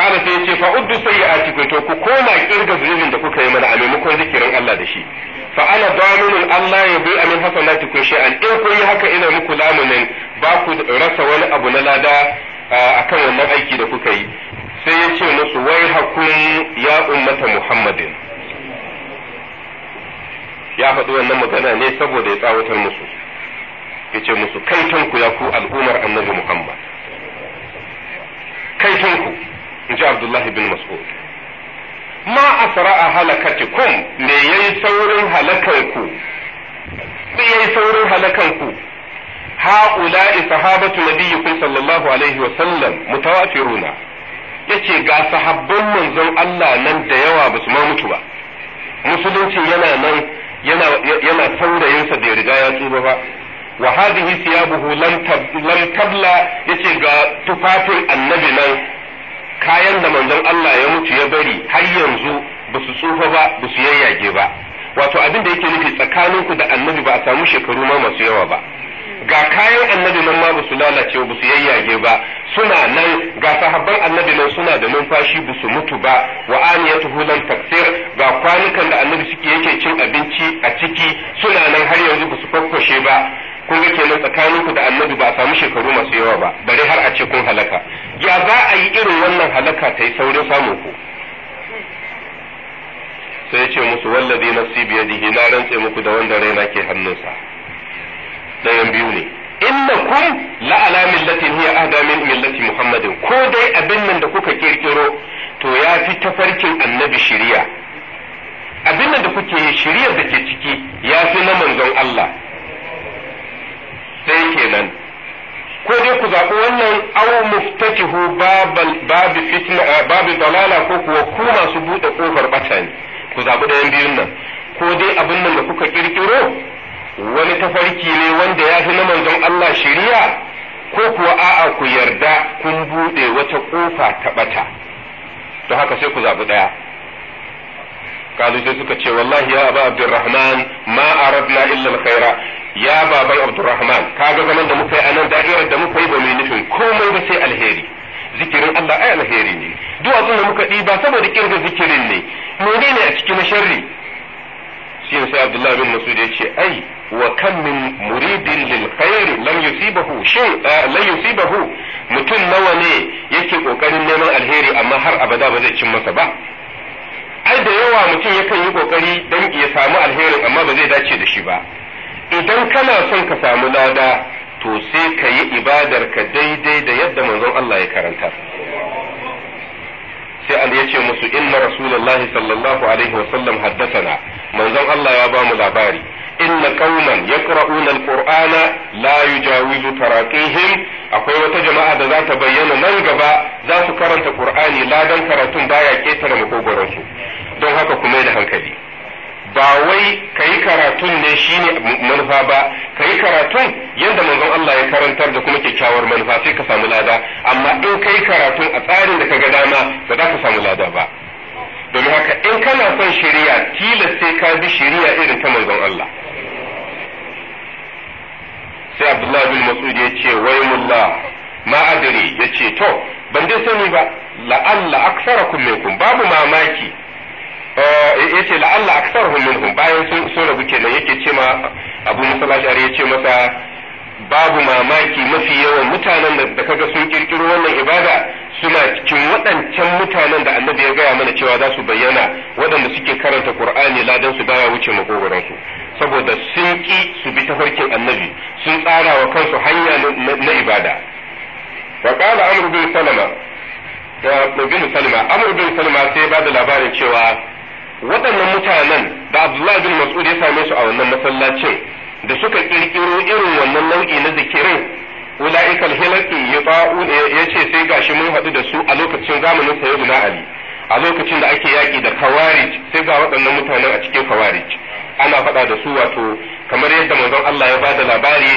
kala sai yace fa uddu sayyi'atikum to ku koma kirga zunubin da kuka yi mana a maimakon zikirin Allah da shi fa ana daminun Allah ya bi amin tukun an in kun yi haka ina muku lamunin ba ku rasa wani abu na lada akan wannan aiki da kuka yi sai ya ce musu wai hakun ya ummata Muhammadin ya faɗi wannan magana ne saboda ya tsawatar musu ya ce musu kaitonku ya ku al'ummar annabi Muhammad kaitonku in ji abdullahi bin mas'ud ma a a halakatikum me yayi saurin halakanku me yayi saurin halakanku ha'ula'i sahabatu nabiyyikum sallallahu alaihi wa sallam mutawafiruna yace ga sahabban manzon Allah nan da yawa basu ma mutu ba musulunci yana nan yana yana saurayinsa da riga ya tsuba ba wa hadhihi buhu lam tabla yace ga tufafin annabi nan kayan da manzon Allah ya mutu ya bari har yanzu ba su tsufa ba ba su yayyage ba wato abin da yake nufi tsakaninku da annabi ba a samu shekaru ma masu yawa ba ga kayan annabi nan ma ba su lalace ba su yayyage ba suna nan ga sahabban annabi nan suna da numfashi ba su mutu ba wa aniyatu lam taksir ga kwanukan da annabi suke yake cin abinci a ciki suna nan har yanzu ba su fakkoshe ba kun ga kenan tsakaninku da annabi ba a samu shekaru masu yawa ba bare har a ce kun halaka ya za a yi irin wannan halaka ta yi saurin samun ku sai ce musu wallazi nafsi biyadihi na rantse muku da wanda raina ke hannunsa dayan biyu ne innakum la ala millatin hiya ahda min millati muhammadin ko dai abin nan da kuka kirkiro to ya fi tafarkin annabi shiriya. abin nan da kuke shari'ar da ke ciki ya fi na manzon Allah ɗaya kenan ko dai ku zaɓi wannan aw muftatihu babu fitna eh, babu dalala ko kuwa ku masu buɗe ƙofar ɓata ne ku zaɓi ɗayan biyun nan ko dai abin nan da kuka ƙirƙiro wani tafarki ne wanda ya fi na manzon Allah shari'a ko kuwa a'a ku yarda kun buɗe wata ƙofa ta ɓata to haka sai ku zaɓi ɗaya kalu sai suka ce wallahi ya aba abdurrahman ma aradna illa alkhaira ya baban abdurrahman kaga zaman da muka yi anan da'irar da muka yi ba mai nufin komai ba sai alheri zikirin Allah ai alheri ne duwatsun da muka ɗiba saboda kirga zikirin ne ne a cikin sharri shi sai Abdullah bin Mas'ud ya ce ai wa kam min muridin lil khair lam yusibahu shay lam yusibahu mutum nawa ne yake kokarin neman alheri amma har abada ba zai cin masa ba ai da yawa mutum yakan yi kokari don ya samu alherin amma ba zai dace da shi ba idan kana son ka samu lada to sai ka yi ibadar ka daidai da yadda manzon Allah ya karanta sai an ya ce musu inna rasulullahi sallallahu alaihi wasallam haddathana manzon Allah ya ba mu labari inna qauman yaqra'una alqur'ana la yujawizu taraqihim akwai wata jama'a da za ta bayyana nan gaba za su karanta qur'ani ladan karatun baya ketare makogoron su don haka kuma da hankali ba wai kayi karatun ne shine manufa ba kayi karatun yadda manzon Allah ya karantar da kuma kyakkyawar manufa sai ka samu lada amma in kayi karatun a tsarin da kaga dama ba za ka samu lada ba domin haka in kana son shari'a tilas sai ka bi shari'a irin ta manzon Allah sai abdullahi bin mas'ud ya ce mulla ma ya ce to ban dai sani ba la'alla aktsarakum minkum babu mamaki eh, ya ce la'alla aktsarhum minhum bayan sun so rabu kenan yake ce ma abu musalashi ya ce masa babu mamaki mafi yawan mutanen da kaga sun kirkiro wannan ibada suna cikin waɗancan mutanen da annabi ya gaya mana cewa za su bayyana waɗanda suke karanta qur'ani ladan su baya wuce makogoransu. su saboda sun ki su bi tafarkin annabi sun tsara wa kansu hanya na ibada wa kala amru bin salama da bin salama amru bin salama sai ba da labarin cewa waɗannan mutanen da abdullahi bin mas'ud ya same su a wannan masallacin da suka kirkiro irin wannan nau'i na zikirin ula'ikal hilaki ya ce sai gashi mun haɗu da su a lokacin zamanin sayyidina ali a lokacin da ake yaƙi da kawarij sai ga waɗannan mutanen a cikin kawarij ana faɗa da su wato kamar yadda manzon Allah ya bada labari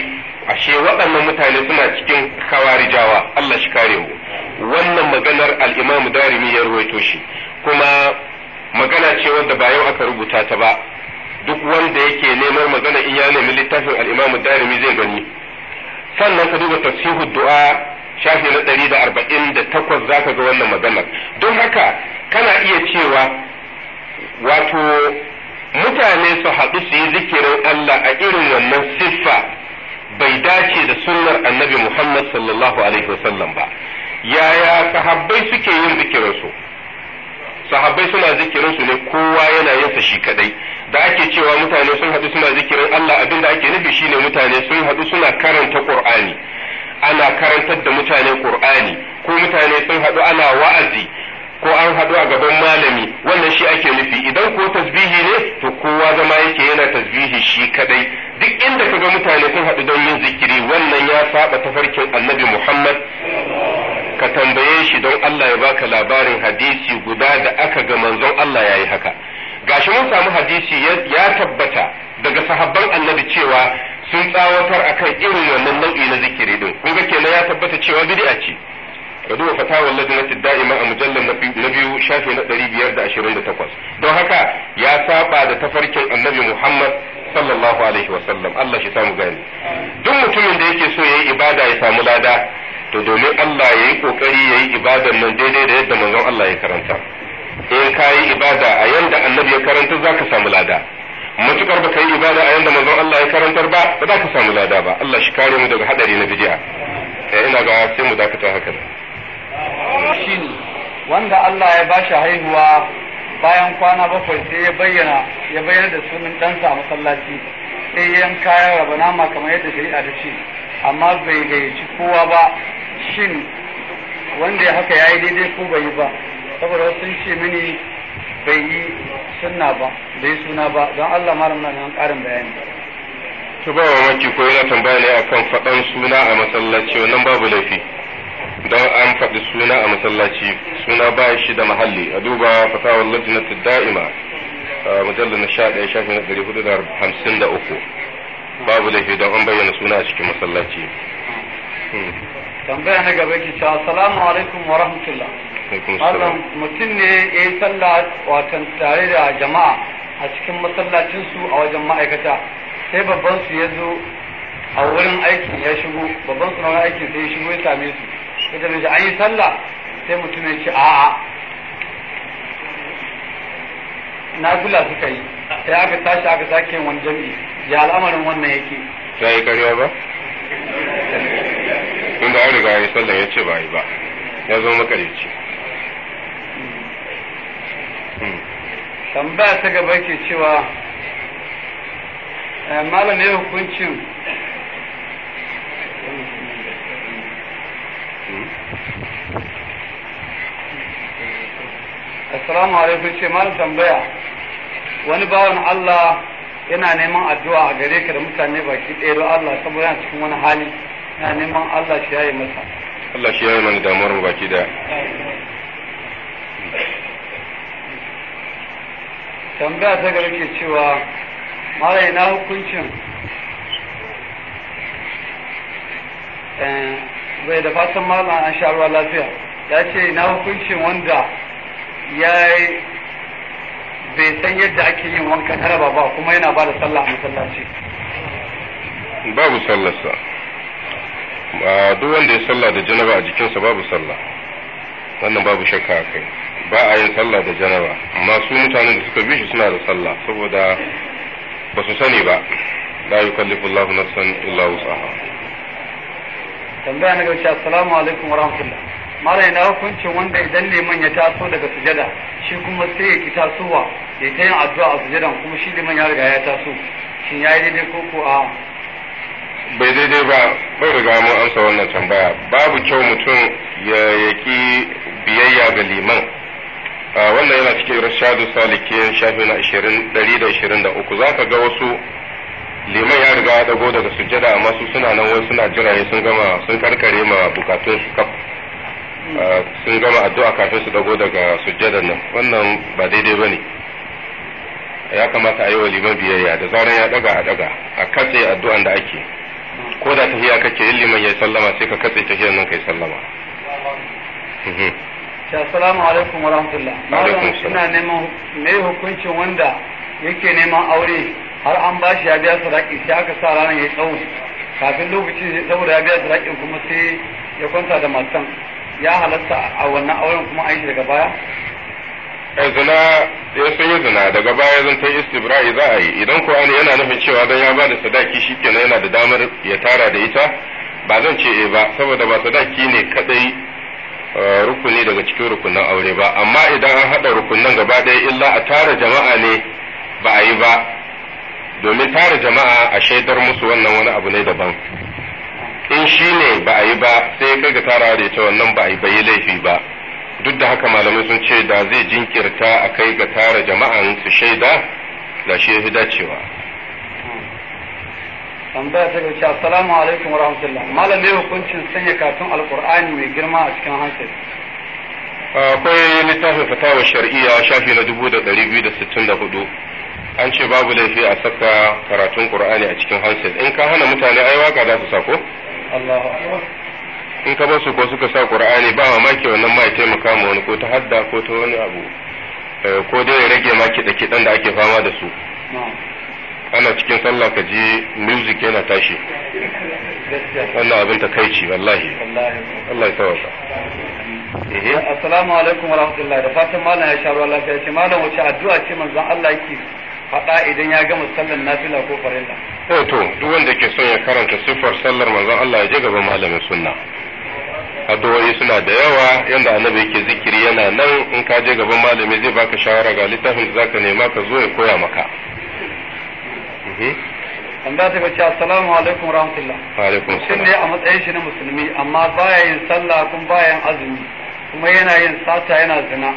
ashe waɗannan mutane suna cikin kawarijawa Allah shi kare mu wannan maganar al-Imam Darimi ya ruwaito shi kuma magana ce wanda ba yau aka rubuta ta ba duk wanda yake neman magana in ya nemi littafin al-Imam Darimi zai gani sannan ka duba tafsihu du'a shafi na ɗari da arba'in da takwas za ga wannan maganar don haka kana iya cewa wato mutane su haɗu su yi zikirin Allah a irin wannan siffa bai dace da sunnar annabi Muhammad sallallahu alaihi wasallam ba yaya sahabbai suke yin zikirinsu sahabbai suna zikirinsu ne kowa yana yin shi kadai da ake cewa mutane sun haɗu suna zikirin Allah abin da ake nufi shine mutane sun haɗu suna karanta Qur'ani ana karantar da mutane Qur'ani ko mutane sun haɗu ana wa'azi ko an haɗu a gaban malami wannan shi ake nufi idan ko tasbihi ne to kowa zama yake yana tasbihi shi kadai duk inda ka ga mutane sun haɗu don yin zikiri wannan ya saba tafarkin annabi Muhammad ka tambaye shi don Allah ya baka labarin hadisi guda da aka ga manzon Allah yayi haka gashi mun samu hadisi ya tabbata daga sahabban annabi cewa sun tsawatar akan irin wannan nau'i na zikiri din kun ga kenan ya tabbata cewa bid'a ce ka duba fatawar lajinatin da'ima a mujallar na biyu shafi na ɗari biyar da ashirin da takwas don haka ya saɓa da tafarkin annabi muhammad sallallahu alaihi wasallam allah shi samu gani duk mutumin da yake so ya yi ibada ya samu lada to domin allah ya yi kokari ya yi ibadan nan daidai da yadda manzon allah ya karanta in ka yi ibada a yanda annabi ya karanta za ka samu lada matukar baka yi ibada a yanda manzon allah ya karantar ba ba za ka samu lada ba allah shi kare mu daga hadari na bidiya eh, ina ga sai mu dakata haka Shin wanda Allah ya ba bashi haihuwa bayan kwana bakwai sai ya bayyana ya bayyana da sunan ɗansa a masallaci sai yanka ya raba nama kamar yadda shari'a ta ce amma bai gayyaci kowa ba shin wanda ya haka ya yi daidai ko bai yi ba saboda wasu sun ce mini bai yi sunna ba bai yi suna ba don Allah malam na nan ƙarin bayani to ba mace ko yana tambaya ne akan faɗan suna a masallaci wannan babu laifi don an faɗi suna a masallaci suna ba shi da mahalli a duba fatawar lajinatu da'ima a mujallar na sha ɗaya shafi na ɗari hudu da hamsin da uku babu laifi don an bayyana suna a cikin masallaci. Hmm. tambaya na gaba ki cewa assalamu alaikum wa rahmatullah Allah mutum ne ya yi sallah watan tare da jama'a a cikin masallacinsu a wajen ma'aikata sai babban su ya zo a wurin aikin ya shigo babban su na wani aikin sai ya shigo ya same su ya tafi shi an yi sallah sai mutum ya ce a'a na gula suka yi sai aka tashi aka sake wani jami'i ya al'amarin wannan yake ta yi karya ba in da an riga ya sallah ya ce ba yi ba ya zama makarici hmm. tambaya ta gaba ke cewa eh, malam ne hukuncin assalamu alaikum ce malam tambaya wani bawan Allah yana neman addu'a a gare ka da mutane baki ɗaya don Allah saboda yana cikin wani hali yana neman Allah shi yayi masa Allah shi yayi mana damuwar mu baki da tambaya ta gare ke cewa malai na hukuncin eh, bai da fatan malam an sha ruwa lafiya ya ce na hukuncin wanda ya yi bai san yadda ake yin wankan haraba ba kuma yana ba da sallah a masallaci babu sallarsa duk wanda ya sallah da janaba a jikinsa babu sallah wannan babu shakka a kai ba a yin sallah da janaba amma su mutanen da suka bi shi suna da sallah saboda ba su sani ba la yukallifu Allahu nafsan illa wus'aha tambaya na gaushe assalamu alaikum wa rahmatullah malam ina hukuncin wanda idan liman ya taso daga sujada shi kuma sai ya ki tasowa ya ta yin addu'a a sujadan kuma shi liman ya riga ya taso shin ya yi daidai ko ko a bai daidai ba bai riga mun amsa wannan tambaya babu kyau mutum ya yaki biyayya ga liman ah, wannan yana cikin rashadu salikin shafi na 20 za ka ga wasu liman ya riga ya dago daga sujjada amma su suna nan wani suna jiraye sun gama sun karkare ma bukatun su kaf hmm. ah, sun gama addu'a kafin su dago daga sujjadan nan wannan ba daidai bane ya kamata a yi wa liman biyayya da zaran ya daga a daga a katse addu'an da ake ko da tafiya kake yin liman yi sallama sai ka katse tafiyan nan kai sallama mhm. assalamu alaikum wa rahmatullah malam ina neman me hukuncin wanda yake neman aure har an ba shi ya biya sadaki sai aka sa ranar ya tsawo kafin lokacin saboda ya biya sadakin kuma sai ya kwanta da matan ya halatta a wannan auren kuma aiki daga baya zina ya sun yi zina daga baya zan ta istibra'i za a yi idan ko ani yana nufin cewa don ya ba da sadaki shikenan yana da damar ya tara da ita ba zan ce eh ba saboda ba sadaki ne kadai eh, rukuni daga cikin rukunan aure ba amma idan an hada rukunan gaba daya illa a tara jama'a ne ba a yi ba domin tara jama'a a shaidar musu wannan wani abu ne daban in shi ne ba a yi ba sai kai ga tara da ita wannan ba a yi ba laifi ba duk da haka malamai sun ce da zai jinkirta a kai ga tara jama'an su shaida da shi ya fi dacewa tambaya ta gaci assalamu alaikum wa rahmatullah malamai hukuncin sanya katon alqur'ani mai girma a cikin hankali akwai littafin fatawa shari'a shafi na dubu da ɗari biyu da sittin da hudu an ce babu laifi a saka karatun qur'ani a cikin handset in ka hana mutane ai waka za su sako in ka basu ko suka sa qur'ani ba mamaki wannan ma ya taimaka ma wani ko ta hadda ko ta wani abu eh, ko dai ya rage maki da kiɗen da ake fama da su ana cikin sallah ka ji music yana tashi wannan abin ta kaici wallahi Allah ya tawaka eh. assalamu alaikum wa rahmatullahi da fatan malam ya sha ruwa lafiya ce malam wace addu'a ce manzon Allah yake faɗa idan ya gama sallar nafila ko farilla eh to duk wanda ke son ya karanta siffar sallar manzon Allah ya je gaba malamin sunna addu'o'i suna da yawa yanda annabi yake zikiri yana nan in ka je gaban malami zai baka shawara ga littafin da zaka nema ka zo ya koya maka mhm. an za ta bace assalamu alaikum rahmatullah alaikum assalam shin ne a matsayin shi na musulmi amma baya yin sallah kun baya yin azumi kuma yana yin sata yana zina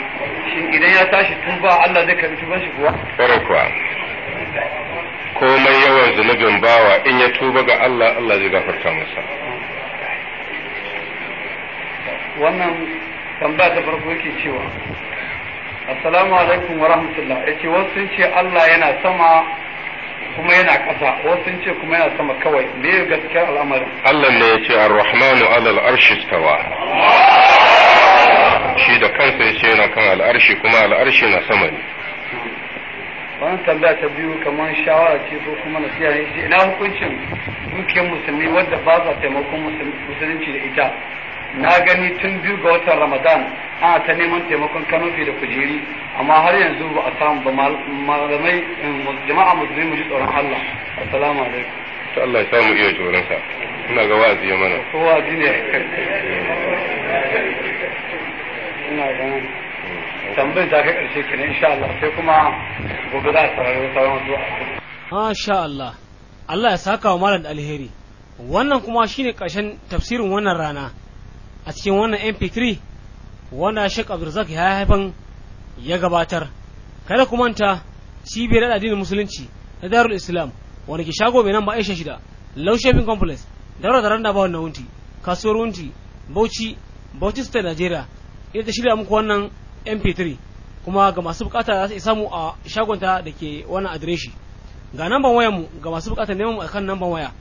shin idan ya tashi tuba Allah zai karbi tuban shi kuwa kare kuwa komai yawan zunubin bawa in ya tuba ga Allah Allah zai gafarta masa wannan tambaya ta farko yake cewa assalamu alaikum wa rahmatullah yace wasu sun ce Allah yana sama kuma yana ƙasa wasu sun ce kuma yana sama kawai me ya gaskiyar al'amarin Allah ne ya ce ar-rahmanu alal arshi istawa shi da kansa ya ce yana kan al'arshi kuma al'arshi na sama ne wani tambaya ta biyu kamar shawara ce ko kuma siya ne ina hukuncin dukiyar musulmi wadda ba za taimakon musulunci da ita na gani tun biyu ga watan ramadan ana ta neman taimakon kanofi da kujeri amma har yanzu ba a samu ba malamai um, jama'a musulmi mu ji tsoron Allah assalamu alaikum to Allah ya samu iya sa ina ga wa'azi ya mana ko wa'azi ne tambayin Allah Masha Allah Allah ya saka wa malam alheri wannan kuma shine karshen tafsirin wannan rana a cikin wannan MP3 wanda Sheikh Abdulrazak ya haifan ya gabatar kada ku manta cibiyar addinin musulunci na Darul Islam wani ke shago mai nan Aisha shida Low Shopping Complex daura da randa ba na wunti kasuwar wunti Bauchi Bauchi State Nigeria ita ta shirya muku wannan mp3 kuma ga masu bukata za su isa mu a shagonta da ke wannan adireshi ga namban wayar mu ga masu bukata neman mu akan namban waya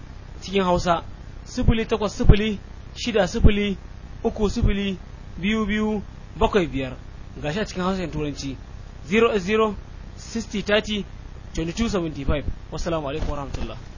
cikin hausa sifili takwas sifili shida sifili uku sifili biyu biyu bakwai biyar ga shi a cikin hausa turanci 0 0 60 alaikum warahmatullahi